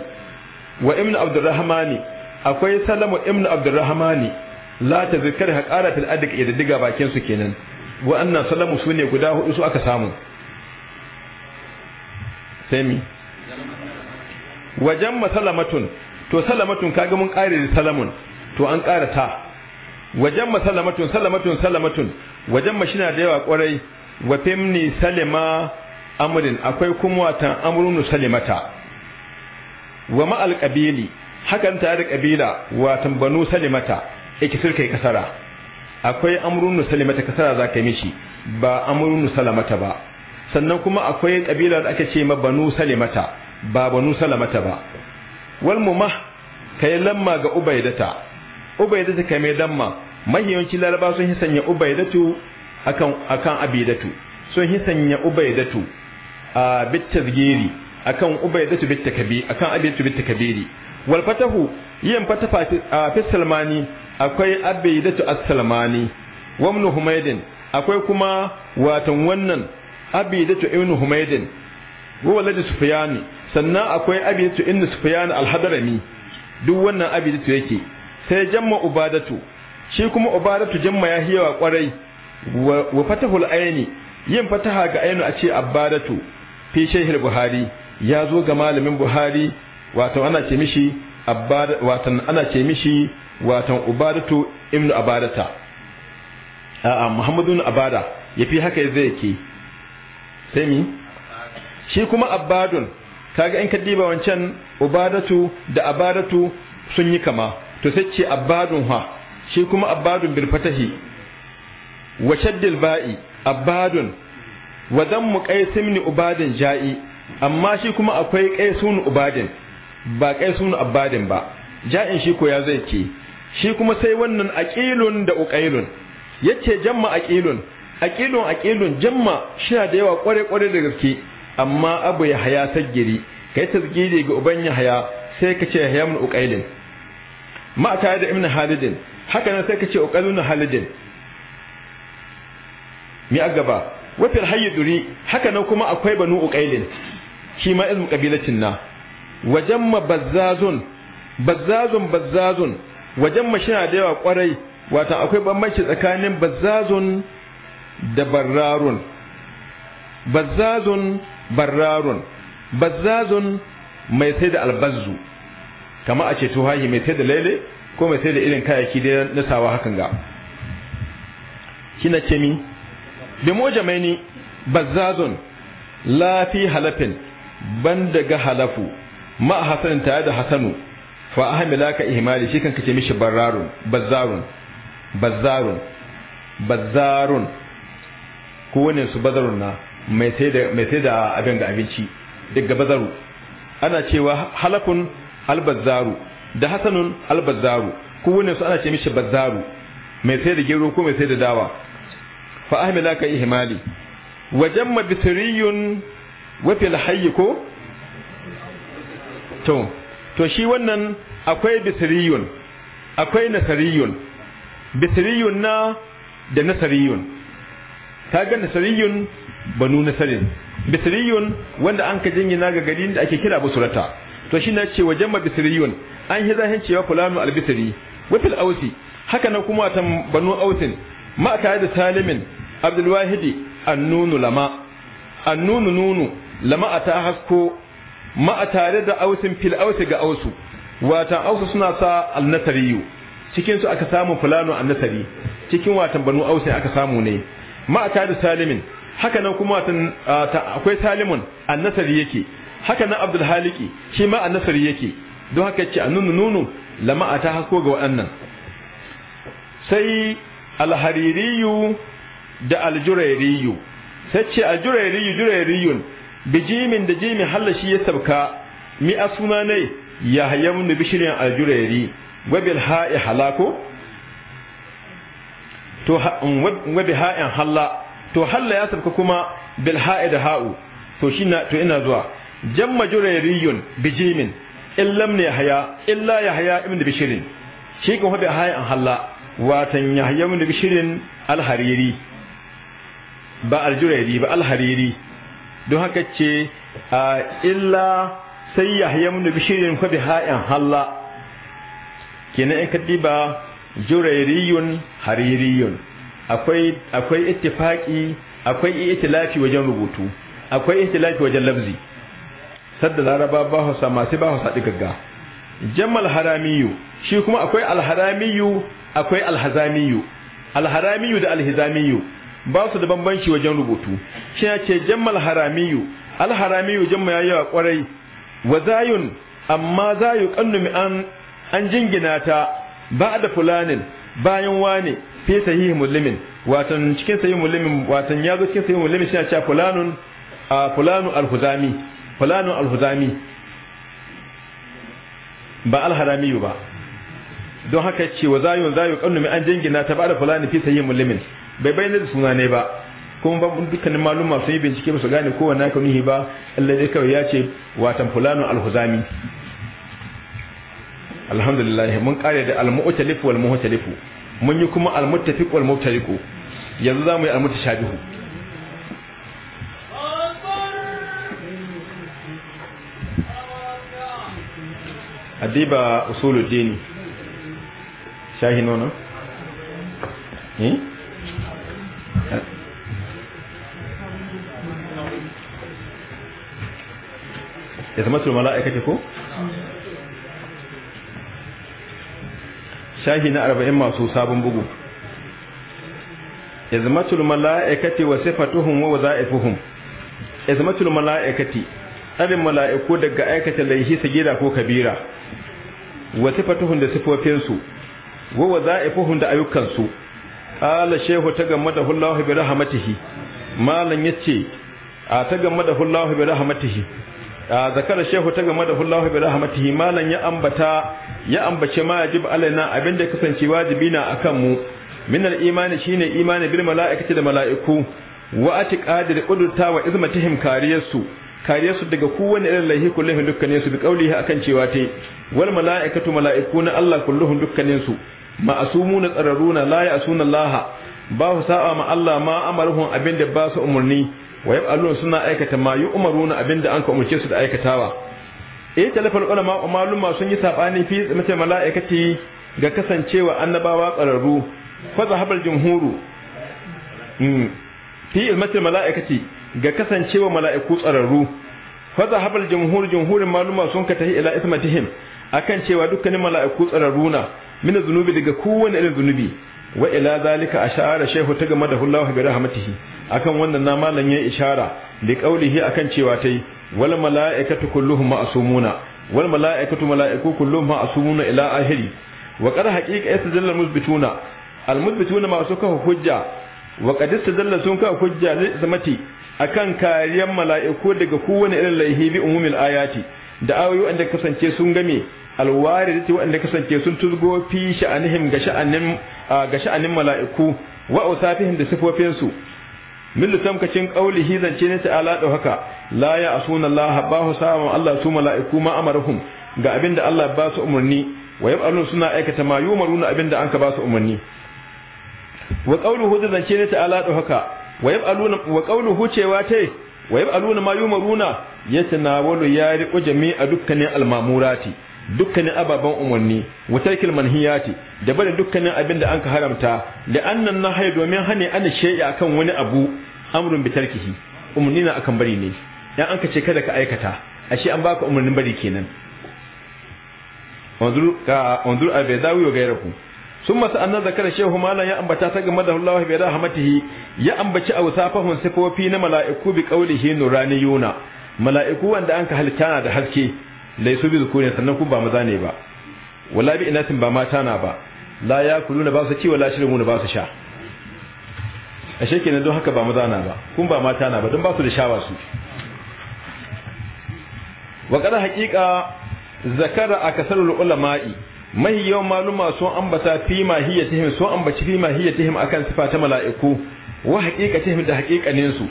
wa imnu abdurrahmani akwai salamu imnu abdurrahmani la ta zikar haƙara fil adik ya diddiga bakin su kenan wa'annan salamu su ne guda hudu su aka samu sai wajen salamatun to salamatun kaga mun kare da salamun to an kara ta wajen masalamatun salamatun salamatun wajen na da yawa kwarai wa femni salima amrin akwai kuma watan amrunu salimata wa ma'al qabili hakan ta da kabila watan tambanu salimata yake sirkai kasara akwai amrun salimata kasara za ka mishi ba amrun salamata ba sannan kuma akwai kabila da aka ce ma banu salimata ba banu salamata ba wal mumah kai lamma ga ubaidata ubaidata kai mai lamma mahiyanci laraba sun hisanya ubaidatu akan akan abidatu sun hisanya ubaidatu a bitazgiri akan ubaidatu bittakabi akan abidatu bittakabiri wal fatahu yin fatafa fi salmani akwai Abidatu as-salmani wa ibn humaydin akwai kuma watan wannan Abidatu ibn humaydin wa walad sufyani sannan akwai Abidatu ibn sufyan al-hadrami duk wannan abidatu yake sai jamma ubadatu shi kuma ubadatu jamma ya hiyawa kwarai wa fatahul ayni yin fataha ga ayni a ce abadatu fi shehil buhari ya zo ga malamin buhari wato ana ce mishi watan ana ce mishi watan ubadatu ibn abadata a'a muhammadun abada yafi haka zai ke sai mi shi kuma abadun kaga in ka diba wancan ubadatu da abadatu sun yi kama to sai ce abadun ha shi kuma abadun bil fatahi wa shaddil ba'i abadun wa dammu qaisim ni ubadin ja'i amma shi kuma akwai qaysun ubadin ba kai sunu abadin ba ja'in shi ko ya zai ke shi kuma sai wannan aqilun da uqailun yace jamma aqilun aqilun aqilun jamma shi da yawa kware kware da gaske amma abu ya haya tagiri kai tasgiri ga uban ya haya sai ka ce haya min uqailin ma ta da ibn halidin haka nan sai ka ce uqailun halidin mi agaba wafil hayyiduri haka nan kuma akwai banu uqailin shi ma ilmu kabilacin na wajamma bazazun bazazun bazzazun wajamma shina da yawa kwarai wata akwai bambanci tsakanin bazzazun da bararun bazzazun barrarun bazzazun mai sai da albazzu kama a ce tuhahi mai sai da laile ko mai sai da irin kayaki da na sawa hakan ga kina ce mi bi mujamaini bazzazun la fi halafin ban daga halafu ma hasan tare da hasanu fa ka ihmali shi kan kace mishi bararun bazarun bazarun bazarun ko wani su bazarun na mai sai da mai sai da abin ga abinci daga bazaru ana cewa halakun albazaru da hasanun albazaru ko wani su ana ce mishi bazzaru mai sai da gero ko mai sai da dawa fa ka ihmali wajamma bisriyun wa fil hayy ko to to shi wannan akwai bisriyun akwai nasariyun bisriyun na da nasariyun ga nasariyun banu nasarin bisriyun wanda an ka na ga garin da ake kira busurata to shi na ce wajen ma bisriyun an yi zahin cewa fulanu albisri wafil ausi haka na kuma tan banu ausin ma tare da salimin abdulwahidi annunu lama annunu nunu lama a ta hasko ma'a tare da ausin fil ausi ga ausu watan ausu suna sa annasariyu cikin su aka samu fulano annasari cikin watan banu ausi aka samu ne ma'a tare da salimin haka nan kuma watan akwai salimun annasari yake haka nan abdul haliki shi ma annasari yake don haka ce annunu nunu lama'a ta hasko ga waɗannan sai alhaririyu da aljurairiyu sai ce aljurairiyu jurairiyun bijimin da jimin halashi ya sabka mi a suna ne ya hayyam da bishirin aljurayri wabil ha'i halako to wabi ha'in halla to halla ya sabka kuma bil ha'i da ha'u to shi na to ina zuwa jamma jurayriyun bijimin illam ne haya illa ya haya ibn bishirin shi kan ha'i an halla watan ya hayyam da bishirin alhariri ba aljurayri ba alhariri don haka ce a illa sai yahya ibn bishirin kwabi ha'in halla Ke na in kadiba jurairiyun haririyun akwai akwai akwai itilafi wajen rubutu akwai itilafi wajen labzi. sadda laraba ba hausa masu ba sa digagga Jammal haramiyu shi kuma akwai alharamiyu akwai alhazamiyu alharamiyu da alhizamiyu ba su da bambanci wajen rubutu shi ya ce jammal haramiyu al haramiyu jamma ya yawa kwarai wa zayun amma zayu kannu an an jingina ta ba da fulanin bayan wane fi sahihi muslimin watan cikin sahihi muslimin watan ya zo cikin sahihi muslimin shi ya ce fulanun a fulanu al-huzami fulanu al-huzami ba al-haramiyu ba don haka ce wa zayun zayu kannu an jingina ta ba da fulanin fi sahihi muslimin bai bayyana da suna ne ba kuma ba dukkanin maluma sun yi bincike ba su gane kowanne aka nuhi ba Allah dai kawai ya ce watan fulano alhuzami alhamdulillah mun kare da almu'talif wal muhtalifu mun yi kuma almuttafiq wal muftariqu yanzu za mu yi almutashabihu adiba usuluddin shahi nono eh ya zama tul mala'ikati ko shahi na arba'in masu sabon bugu ya zama tul mala'ikati wa sifatuhum wa waza'ifuhum ya zama tul mala'ikati tsarin mala'iku daga aikata laihi gida ko kabira wa sifatuhum da sifofinsu wa waza'ifuhum da ayyukansu qala shehu da hulawar hibirar hamatihi malan yace a ta da hulawar hibirar hamatihi A ah, zakar shehu ta game da hullahu bi rahmatihi malan ya ambata ya ambace ma yajib alaina da kasance wajibi na akan mu min al imani shine imani bil malaikati da malaiku wa atiqadir qudurta wa izmatihim kariyarsu kariyasu daga kowane irin laihi kullahu dukkanin su bi qawlihi akan cewa te wal malaikatu malaikuna Allah kulluhum dukkanin su ma'asumuna qararuna la ya'suna Allah ba su sa'a ma Allah ma amaruhum abinda ba su umurni wa yaf'aluna suna aikata ma yu'maruna abinda an ka umurce su da aikatawa eh talafal ulama maluma sun yi sabani fi mace mala'ikati ga kasancewa annabawa qararru fa zahabal jumhuru hmm, fi mace mala'ikati ga kasancewa mala'iku tsararru fa zahabal jumhur jumhurin maluma sun ka tahi ila ismatihim akan cewa dukkanin mala'iku na. min zunubi daga kowane irin zunubi wa ila zalika ashara shaykhu ta game da hullahu bi rahmatihi akan wannan na malan yayi ishara li qawlihi akan cewa tai wal malaikatu kulluhum ma'sumuna wal malaikatu malaiku kulluhum ma'sumuna ila ahiri wa qad haqiqa yastadalla musbituna al musbituna masu kafa hujja wa qad istadalla sun kafa hujja zamati akan kariyan malaiku daga kowane irin laihi bi umumil ayati da ayoyi wanda kasance sun game alwaridati wanda kasance sun tuzgo fi sha'anihim ga sha'anin ga sha'anin mala'iku wa usafihim da sifofin su min lutamkacin qaulihi zance ne ta'ala da haka la ya asuna Allah hu sama Allah su mala'iku ma amaruhum ga abinda Allah ba su umarni wa yab'alun suna aikata ma yumaruna abinda anka ba su umarni wa qawluhu zance ne ta'ala da haka wa yab'aluna wa qawluhu cewa ta wa yab'aluna ma yumaruna yatanawalu yari jami'a dukkanin almamurati dukkanin ababen umarni wa tarkil manhiyati da bada dukkanin abin da anka haramta da annan nahyi domin hane an shay'a akan wani abu amrun bi tarkihi umarni na akan bari ne dan anka ce kada ka aikata ashe an baka umarnin bari kenan wanzur ka wanzur abedawi wa gairaku sun masu annan zakar shehu malam ya ambata ta game da Allah bai rahmatihi ya ambaci awsafahun sifofi na mala'iku bi qaulihi yuna. mala'iku wanda anka halitta da haske laisu bi zukuri sannan kun ba maza ne ba wala bi inatin ba mata na ba la ya kuluna ba su ci wala na ba su sha ashe kenan don haka ba maza na ba kun ba mata na ba don ba su da shawa su wa kada haqiqa zakara akasarul ulama'i mai yawan maluma sun ambata fi mahiyatihim sun ambaci fi mahiyatihim akan sifata ta mala'iku wa haqiqatihim da haqiqanin su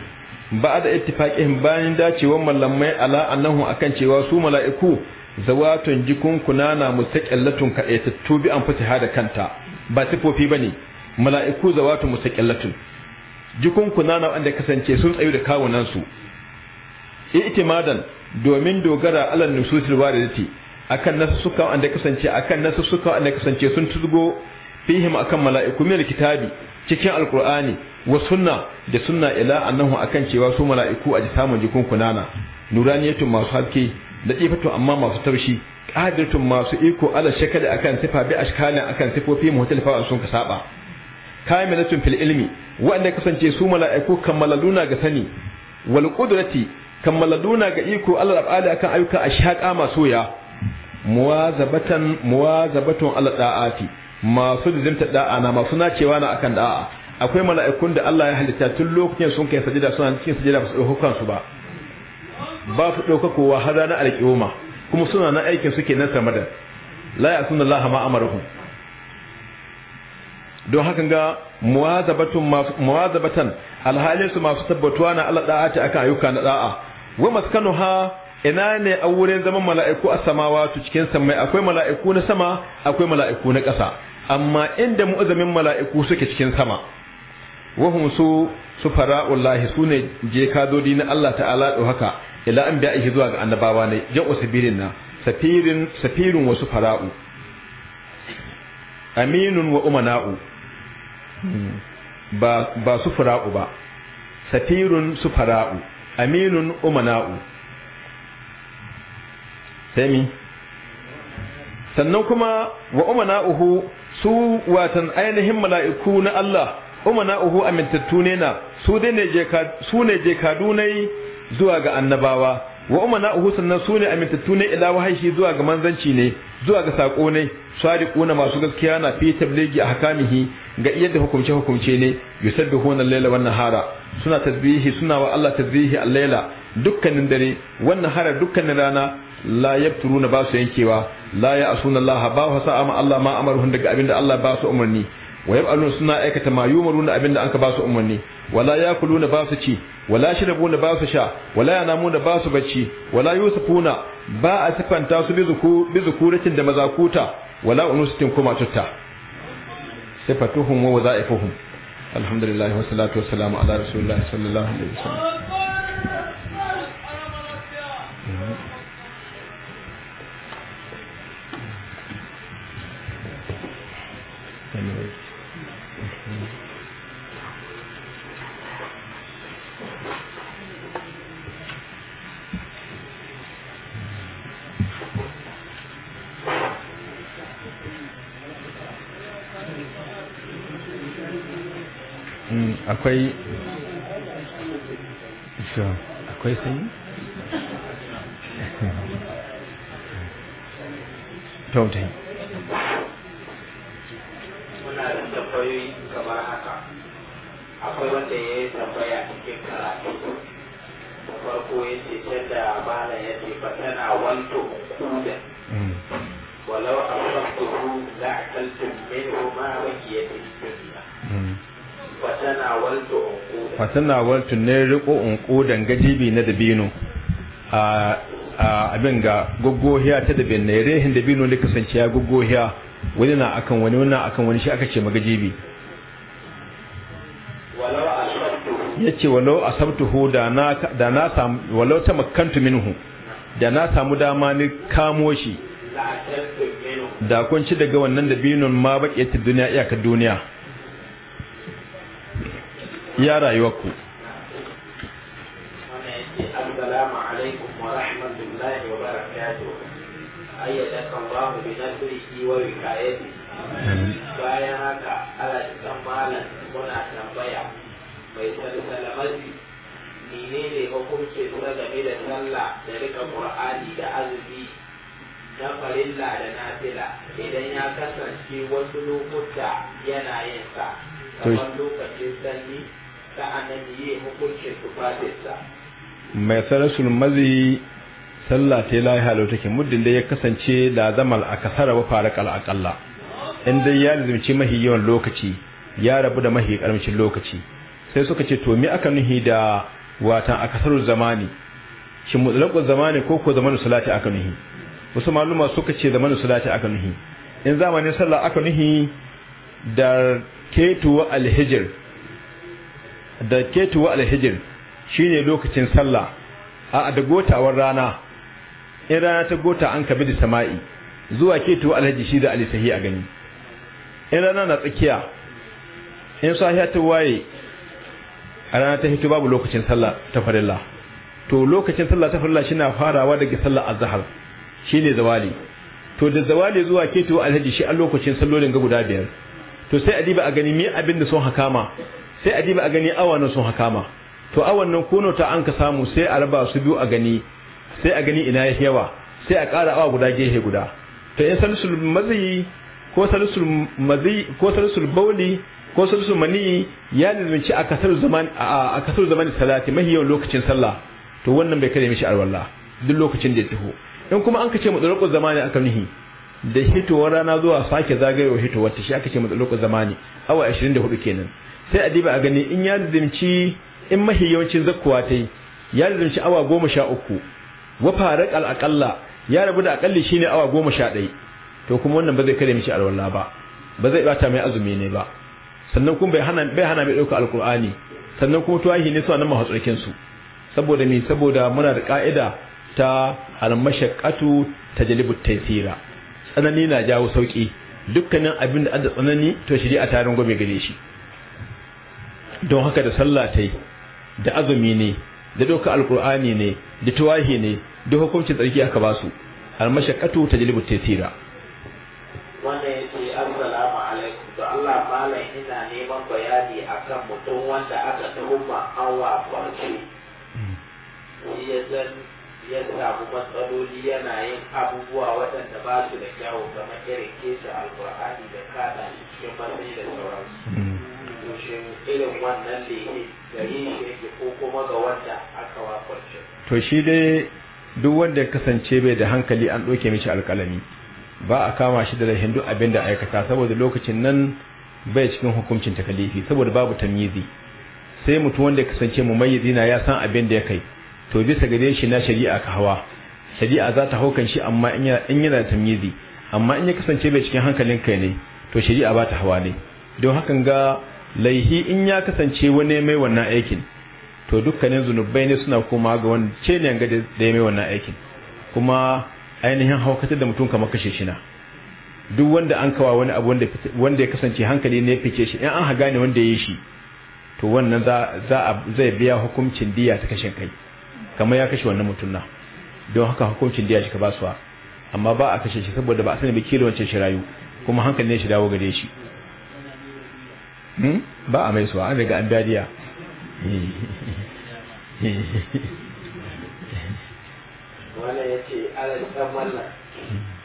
ba da ittifaqihim bayan dacewan mallamai ala annahu akan cewa su mala'iku zawatun jikunku na mustaqillatun kadaitattu bi an fatiha da kanta ba sifofi bane mala'iku zawatun mustaqillatun jikunku na wanda kasance sun tsayu da kawunan su i'timadan domin dogara ala nususil waridati akan nasu suka wanda kasance akan nasu suka wanda kasance sun tuzgo fihim akan mala'iku min kitabi cikin alkur'ani wa sunna da sunna ila annahu akan cewa su mala'iku a samun jikun kunana nuraniyatun masu haske latifatu amma masu taushi qadiratun masu iko ala shakali akan sifa bi ashkalin akan sifofi muhtalifa sun ka saba kamilatun fil ilmi wanda kasance su mala'iku kammalaluna ga sani wal qudrati kammalaluna ga iko Allah al'ali akan ayyuka ashaka masoya muwazabatan muwazabatun ala da'ati masu lizimta da'a na masu nacewa na akan da'a akwai mala'ikun da Allah ya halitta tun lokacin sun kai sajida suna cikin sajida ba su ɗauka kansu ba ba su ɗauka kowa har na alƙiyoma kuma suna na aikin suke nan sama da la ya sunna Allah ma amaruhu don hakan ga muwazabatun muwazabatan alhalin masu tabbatuwa na Allah da'a ta akan ayyuka na da'a wa ha ina ne a wurin zaman mala'iku a samawa cikin samai akwai mala'iku na sama akwai mala'iku na ƙasa amma inda mu'azamin mala'iku suke cikin sama wahum su su lahi, su ne je kadodi na Allah ta'ala ɗau haka ila an biya zuwa ga annabawa ne jan sabirin na safirin safirin wasu fara'u aminun wa umana'u ba ba su fara'u ba safirun su fara'u aminun umana'u sai mi sannan kuma wa umana'uhu su watan ainihin mala'iku na Allah umana uhu amintattu ne na su ne jekadu ne zuwa ga annabawa wa umana uhu sannan su ne amintattu ne ila wahaishi zuwa ga manzanci ne zuwa ga sako ne ƙuna masu gaskiya na fi tabligi a hakamihi ga da hukumce hukumce ne yusuf al-laila wan suna tasbihi suna wa Allah tasbihi a laila dukkanin dare wannan nahara dukkanin rana la yabturuna ba su yankewa la ya'suna Allah ba fa sa'a ma Allah ma amaruhun daga abinda Allah ba su umarni wa yab'alun suna aikata ma yumaruna abinda anka ba su umarni wala yakuluna ba su ci wala shirabuna ba su sha wala yanamuna ba su bacci wala yusufuna ba a sifanta su bi zukuratin da mazakuta wala unusitin kuma tutta sifatuhum wa waza'ifuhum alhamdulillah wa salatu wa salamu ala rasulillah sallallahu alaihi wasallam Anyways. Okay. Mm, akwai akwai sanyi? tautai akwai wanda ya yi tambaya cikin karatu da farko ya ce can da mala ya ce ba tana wanto kuda mm. walau a fasahu la akaltum minhu ma bakiyat dunya mm. fatana waltu unquda fatana waltu ne riko unqudan gajibi na dabino a abin ga goggohiya ta dabin ne rehin dabino ne kasance ya goggohiya wani na akan wani wani akan wani shi aka ce magajibi ya ce walau a da na da na samu walau ta makantu minhu da na samu dama ni kamo shi da kun ci daga wannan da binun ma baki ta duniya iyakar duniya ya rayuwarku ku bayan haka ala cikin malam muna tambaya mai sallamati menene hukuncin sa game da sallah da rika qur'ani da azumi na farilla da nafila idan ya kasance wasu lokuta yana yin sa kamar lokacin sanyi sa'annan yi hukuncin tufafinsa mai sarasul mazi sallah ta yi lahi halau take muddin da ya kasance da zamal a kasara wa fara kala akalla in dai ya lizimci mahi yawan lokaci ya rabu da mahi karamcin lokaci sai suka ce to me aka nuhi da watan kasar zamani shi mutlaqu zamani ko ko zamanin salati aka nuhi wasu maluma suka ce zamanin salati aka nuhi in zamanin sallah aka nuhi da ketuwa alhijr da ketuwa alhijr shine lokacin sallah a da gotawar rana in rana ta gota an kabi da sama'i zuwa ketuwa alhaji shi da alisahi a gani in rana na tsakiya in sahiya ta waye a rana ta hito babu lokacin sallah ta farilla to lokacin sallah ta farilla shi na farawa daga sallah shi ne zawali to da zawali zuwa keto alhaji shi a lokacin sallolin ga guda biyar to sai a diba a gani me abin da sun hakama sai a diba a gani awa na sun hakama to awan nan kuno ta an ka samu sai a raba su biyu a gani sai a gani ina ya yawa sai a ƙara awa guda gehe guda to in salisul mazi ko salisul mazi ko salisul bauli ko su mani ya lulunci a kasar zaman a kasar zaman salati mahiyan lokacin sallah to wannan bai kare mishi alwala duk lokacin da ya taho in kuma an kace mutsalaqu zamani aka nihi da hitowar rana zuwa sake zagayewa hitowar ta shi aka ce mutsalaqu zamani awa 24 kenan sai a diba a gani in ya lulunci in mahi yawancin zakkuwa ta yi ya lulunci awa 13 wa farak al aqalla ya rabu da aƙalli shine awa 11 to kuma wannan ba zai kare mishi alwala ba ba zai bata mai azumi ne ba sannan kuma bai hana bai hana mai dauka alqur'ani sannan kuma tuwahi ne suna nan mahatsarkin su saboda me saboda muna da ka'ida ta almashaqqatu tajlibu taysira tsanani na jawo sauki dukkanin abin da adda tsanani to shiri a tarin gobe gare shi don haka da sallah tai da azumi ne da doka alqur'ani ne da tuwahi ne da hukuncin tsarki aka ba basu almashaqqatu tajlibu taysira kan mutum wanda aka tuhuma awa wafarce hmm. ya zan ya samu matsaloli yana yin abubuwa waɗanda ba su da kyawu kamar irin kesa Alƙur'ani da kada cikin matsayi da sauransu hmm. to shi ko kuma ga wanda aka to shi dai duk wanda ya kasance bai da hankali an ɗauke mishi alƙalami ba a kama shi da rahin duk abin da aikata saboda lokacin nan bai cikin hukuncin takalifi saboda babu tamyizi sai mutum wanda ya kasance mumayyizi na ya san abin da ya kai to bisa gare shi na shari'a ka hawa shari'a za ta haukan shi amma in yana da tamyizi amma in ya kasance bai cikin hankalin kai ne to shari'a ba ta hawa ne don hakan ga laihi in ya kasance wani mai wannan aikin to dukkanin zunubai ne suna koma ga wani ce ne ga da ya mai wannan aikin kuma ainihin haukatar da mutum kamar kashe shi na duk wanda an kawa wani abu wanda ya kasance hankali ne ya fice shi in an haga ne wanda ya yi shi to wannan zai biya hukuncin diya ta kashe kai kamar ya kashe wannan mutum na don haka hukuncin diya shi ka basuwa amma ba a kashe shi saboda ba a sani bikin wancan shi rayu kuma hankali ne shi dawo gare shi hmm? ba a mai suwa an daga an dadiya wannan ya ce alal ɗan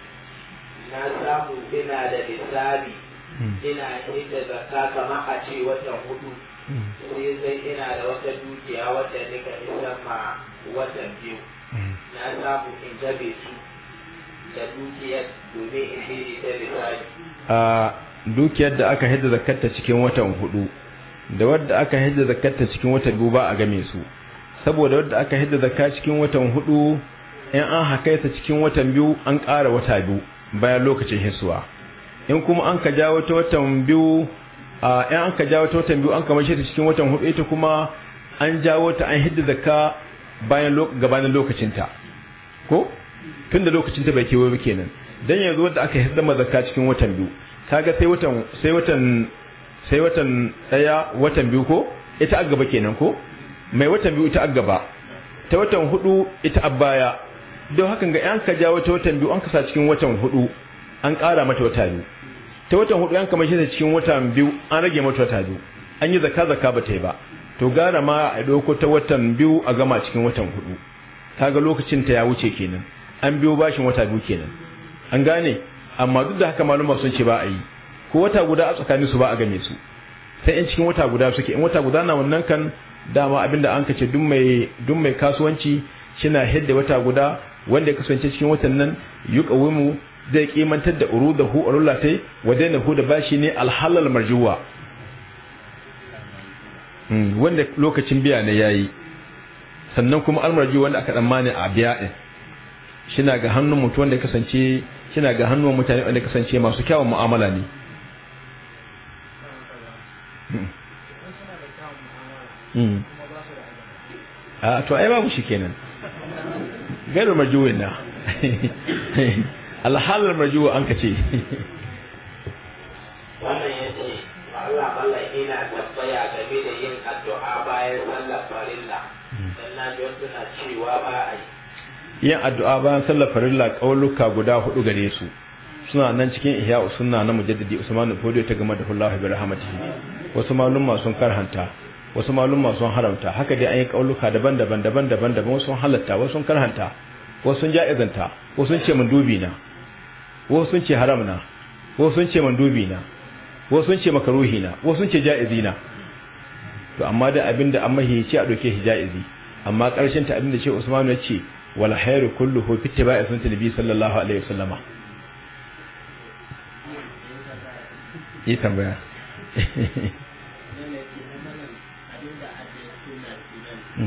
na samu ina da lissafi hmm. ina inda zakka kamar a ce watan hudu hmm. sai zai ina da wata dukiya wata nika isan ma watan biyu hmm. na samu in jabe su da dukiyar domin in bi ita lissafi a dukiyar da aka hidda ta cikin watan hudu da wadda aka hidda ta cikin watan biyu ba a game su saboda wadda aka hidda zakka cikin watan hudu in an hakaita cikin watan biyu an ƙara wata biyu bayan lokacin hisuwa in kuma an ka jawo ta watan biyu a yan an ka jawo ta watan biyu an kamar ta cikin watan hudu ita kuma an jawo ta an hidda zakka bayan gabanin lokacinta ko tun da lokacinta bai kewa ba kenan dan yanzu wanda aka hidda ma zakka cikin watan biyu kaga sai watan sai watan sai watan daya watan biyu ko ita a gaba kenan ko mai watan biyu ita a gaba ta watan hudu ita a baya don hakan ga yan ka ja wata watan biyu an kasa cikin watan hudu an ƙara mata wata biyu ta watan hudu an kama shi cikin watan biyu an rage mata wata biyu an yi zaka zaka ba ta yi ba to gara ma a ɗauko ta watan biyu a gama cikin watan hudu kaga lokacin ta ya wuce kenan an biyo bashin wata biyu kenan an gane amma duk da haka maluma sun ce ba a yi ko wata guda a tsakanin su ba a game su sai in cikin wata guda suke in wata guda na wannan kan dama abinda an kace duk mai duk mai kasuwanci shina hidda wata guda wanda ya kasance cikin watan nan yuqawimu zai kimantar da urudahu urullatai wa hu da bashi ne alhalal marjuwa hmm, wanda lokacin biya ne yayi sannan kuma almarji wanda aka tsammani a biya din shina ga hannun mutum wanda kasance shina ga hannun mutane wanda kasance masu kyawun mu'amala ne hmm. Hmm. a to ai babu shi kenan gairu marjuwin na alhalar marjuwa an ka ce wannan ya ce Allah Allah ina tambaya game da yin addu'a bayan sallar farilla Sannan hmm. na ji wasu na cewa ba a yi yin addu'a bayan sallar farilla kauluka guda hudu gare su suna nan cikin ihya usunna na mujaddidi usmanu fodiyo ta game da hullahu bi rahmatihi wasu malumma sun karhanta wasu malumma sun haramta haka dai an yi kauluka daban-daban daban-daban daban wasu sun halatta wasu sun karhanta wasu sun ja'izanta wasu sun ce mun dubi na wasu sun ce haram na wasu sun ce mun dubi na wasu sun ce makaruhi na wasu sun ce ja'izi na to amma da abinda an ce a doke shi ja'izi amma karshen ta abinda ce Usman ya ce wal khairu kulluhu fi ittiba'i sunnati nabi sallallahu alaihi wasallama yi tambaya a'a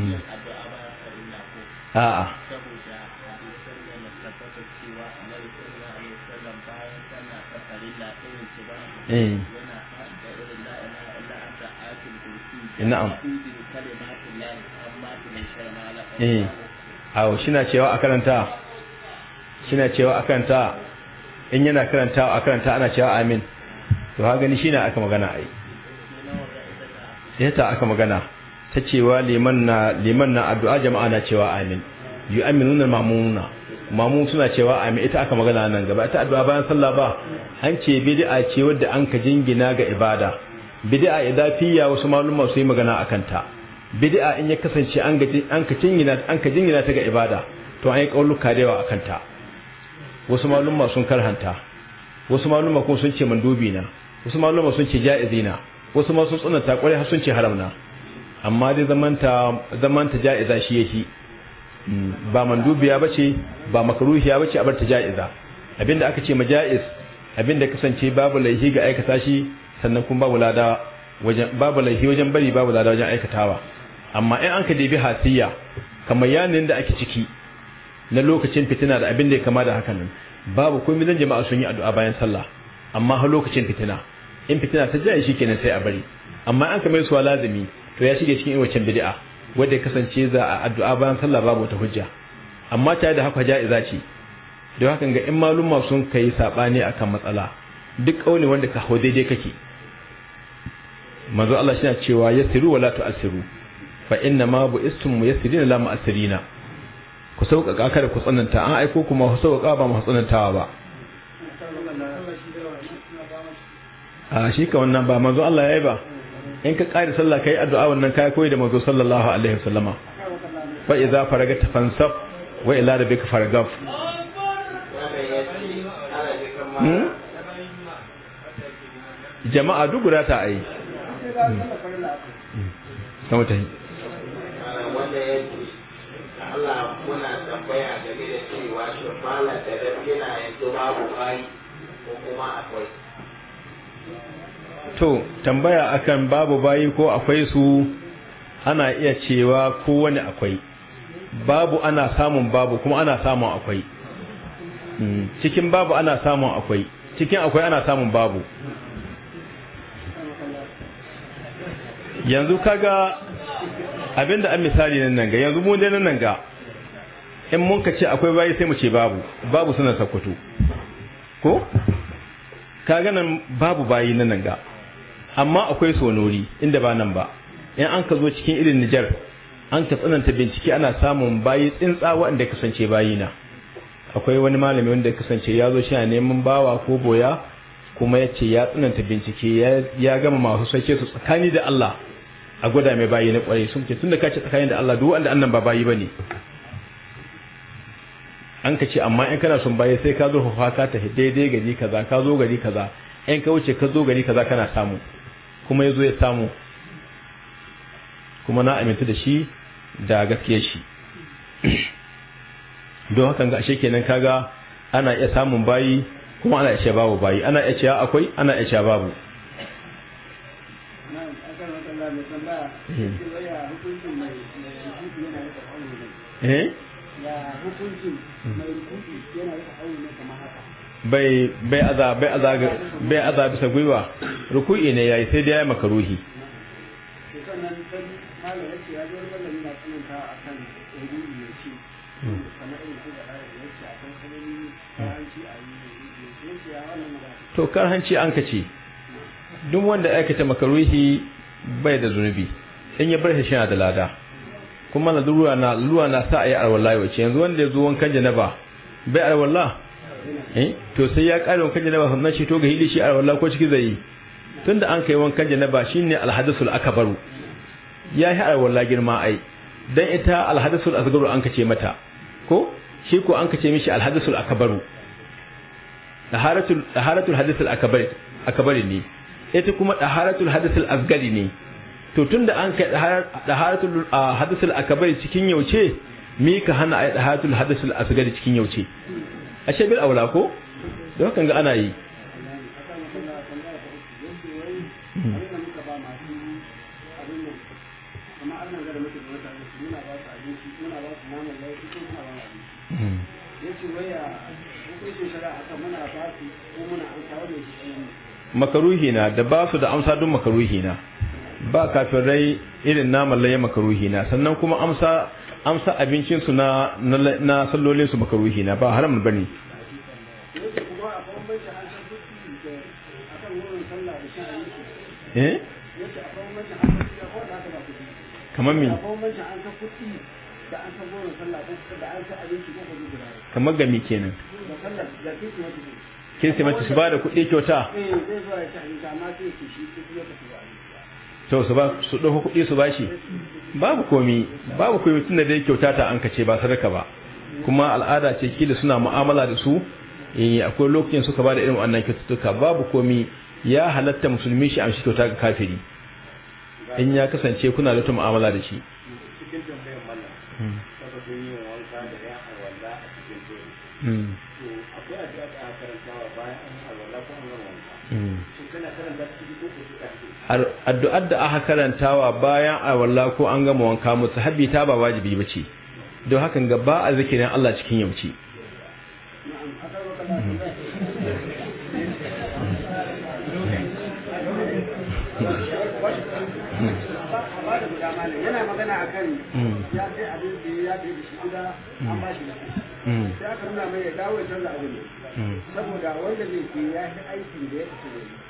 eh. na'am eh awo shina cewa a karanta shina cewa a karanta in yana karanta a karanta ana cewa amin to ha gani shine aka magana ai sai ta aka magana ta cewa liman na addu'a jama'a na cewa amin yu'minuna mamuna mamun suna cewa amin ita aka magana nan gaba ita addu'a bayan sallah ba an ce bid'a ce wadda an ka jingina ga ibada bid'a idafiyya wasu malumma su yi magana a kanta bid'a in ya kasance an ka jingina an ta ga ibada to an yi ƙaunuka da yawa a kanta wasu malumma sun karhanta wasu malumma kuma sun ce mandubi na wasu malumma sun ce ja'izina wasu ma sun tsananta kwarai har sun ce haramna amma dai zamanta ja'iza shi yake ba mandubiya ba ce ba makaruhiya ba ce a barta ja'iza abinda aka ce maja'is abinda kasance babu laihi ga aikata shi sannan kuma babu lada wajen babu laihi wajen bari babu lada wajen aikatawa amma in an ka debi hasiya kamar yanin da ake ciki na lokacin fitina da abin da ya kama da hakan nan babu komai zan jama'a sun yi addu'a bayan sallah amma har lokacin fitina in fitina ta jaye shi kenan sai a bari amma an mai su lazimi to ya shige cikin waccan bid'a wanda ya kasance za a addu'a bayan sallah babu wata hujja amma tare da haka ja'iza ce don haka ga in malumma sun kai sabani akan matsala duk kauli wanda ka hau daidai kake manzo Allah shi cewa Yasiru wala tu'siru fa inna ma bu istum Yasirina la mu'assirina ku sauƙaƙa kada ku tsananta an aiko kuma ku sauƙaƙa ba mu tsanantawa ba a shi ka wannan ba manzo Allah yayi ba in ka ƙari sallah ka yi addu'a wannan kai koyi da manzo sallallahu alaihi wasallama fa idza faragta fansab wa ila rabbika faragaf hmm? jama'a duk guda ta ai sama hmm. ta yi Allah muna tambaya game da cewa shi malar da yana yanzu babu bayi ko kuma akwai to tambaya akan babu bayi ko akwai su ana iya cewa ko wani akwai babu ana samun babu kuma ana samun akwai hmm, cikin babu ana samun akwai cikin akwai ana samun babu yanzu kaga abinda an misali nan ga yanzu mun dai nan ga in mun ka ce akwai bayi sai mu ce babu babu suna sakwato ko kaga nan babu bayi nan ga amma akwai sonori inda ba nan ba in an ka zo cikin irin Nijar an ka tsananta bincike ana samun bayi tsintsa wanda kasance bayi na akwai wani malami wanda kasance ya zo shi a neman bawa ko boya kuma ya ce ya tsananta bincike ya gama masu sake su tsakani da Allah a gwada mai bayi na kwarai sun ce tunda ka ce tsakani da Allah duk wanda annan ba bayi bane an ka ce amma in kana son bayi sai ka zo fa ka tafi daidai gari kaza ka zo gari kaza in ka wuce ka zo gari kaza kana samu kuma ya zo ya samu kuma na amintu da shi da gaskiya shi don hakan ga ashe kenan kaga ana iya samun bayi kuma ana iya babu bayi ana iya cewa akwai ana iya cewa babu eh ya hukuncin mai hukunci yana da aure kamar haka bai aza bisa gwiwa ruku'i ne yayi sai dai ya maka ruhi. to kar hanci an kace duk wanda aikata maka ruhi bai da zunubi in ya bar shi da lada kuma na zuwa na zuwa na sa ayi arwallahi wace yanzu wanda ya zo wankan janaba bai arwallah Eh? to sai ya kare wankan janaba sannan shi to ga hili shi a wallah ko ciki zai tunda an kai wankan janaba shine alhadathul akbaru ya yi a wallah girma ai dan ita alhadathul asgaru an kace mata ko shi ko an kace mishi alhadathul akbaru daharatul daharatul hadathul akbar akabari ne ita kuma daharatul hadathul asgari ne to tunda an kai daharatul hadathul akabari cikin yauce me ka hana ai daharatul hadathul asgari cikin yauce ashe bil aula ko da hakan ga ana yi hmm. Hmm. makaruhi na da ba su da amsa don makaruhi na ba kafin irin naman makaruhi na sannan kuma amsa amsa abincinsu na na sallolinsu makaruhi na ba haram bane eh? kamar me kamar gami kenan kin sai mace su ba da kuɗi kyauta eh, to su ba su dauko kuɗi su bashi babu komi babu komi da dai kyauta ta an kace ba sadaka ba kuma al'ada ce kila suna mu'amala da su eh akwai lokacin suka ba da irin wannan kyaututtuka babu komi ya halatta musulmi shi amshi kyauta ga kafiri in ya kasance kuna da mu'amala da shi Hmm. addu'ar da aka karantawa bayan a walla ko an gama wanka musahabi ta ba wajibi bace don hakan ga ba a zikirin Allah cikin yamci yana magana a kan ya sai abin da ya fi da shi gida an ba da sai aka mai dawo ya canza abin saboda wanda zai ke ya fi aiki da ya fi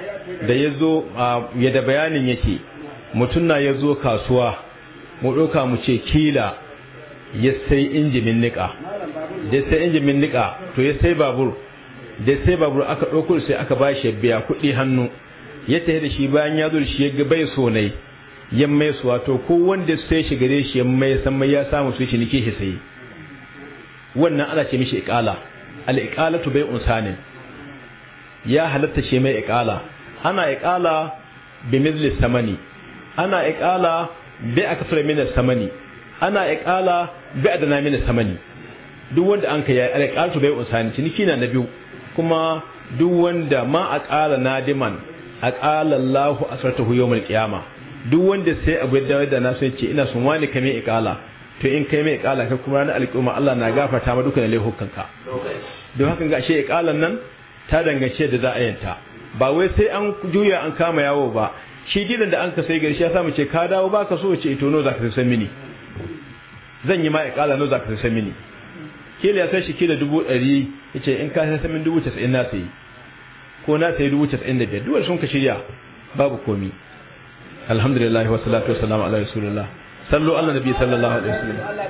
da ya zo ya da bayanin yake mutum na ya zo kasuwa mu ɗauka mu ce kila ya sai injimin niƙa da ya sai injimin niƙa to ya sai babur da sai babur aka ɗauko sai aka ba shi biya kuɗi hannu ya tafi da shi bayan ya zo shi ya ga bai so ne ya mai su wato ko wanda sai shi gare shi ya mai san ya samu su shi nike shi sai wannan ana ce mishi iqala al iqalatu bai'un sanin ya halatta shi mai iqala ana iqala bi mizli samani ana iqala bi akthar min samani ana iqala bi adana min samani duk wanda an kai alqalatu bai usani ciniki na biyu kuma duk wanda ma aqala nadiman aqala Allahu asratahu yawmal qiyama duk wanda sai abu da da na sai ce ina sun wani kame iqala to in kai mai iqala kai kuma ranar alqiyama Allah na gafarta ma dukkan laihukanka don haka ga shi iqalan nan ta dangace da za a yanta ba wai sai an juya an kama yawo ba shi gidan da an ka sai gari shi ya mu ce ka dawo ba ka so ce ito no za ka sai mini zan yi ma ikala no za ka sai mini kila ya sai shi kila dubu 100 yace in ka san min dubu casa'in na sayi ko na sayi dubu casa'in da biyar duwar sun ka shirya babu komi alhamdulillah wa salatu wa salam ala rasulullah sallu ala nabi sallallahu alaihi wasallam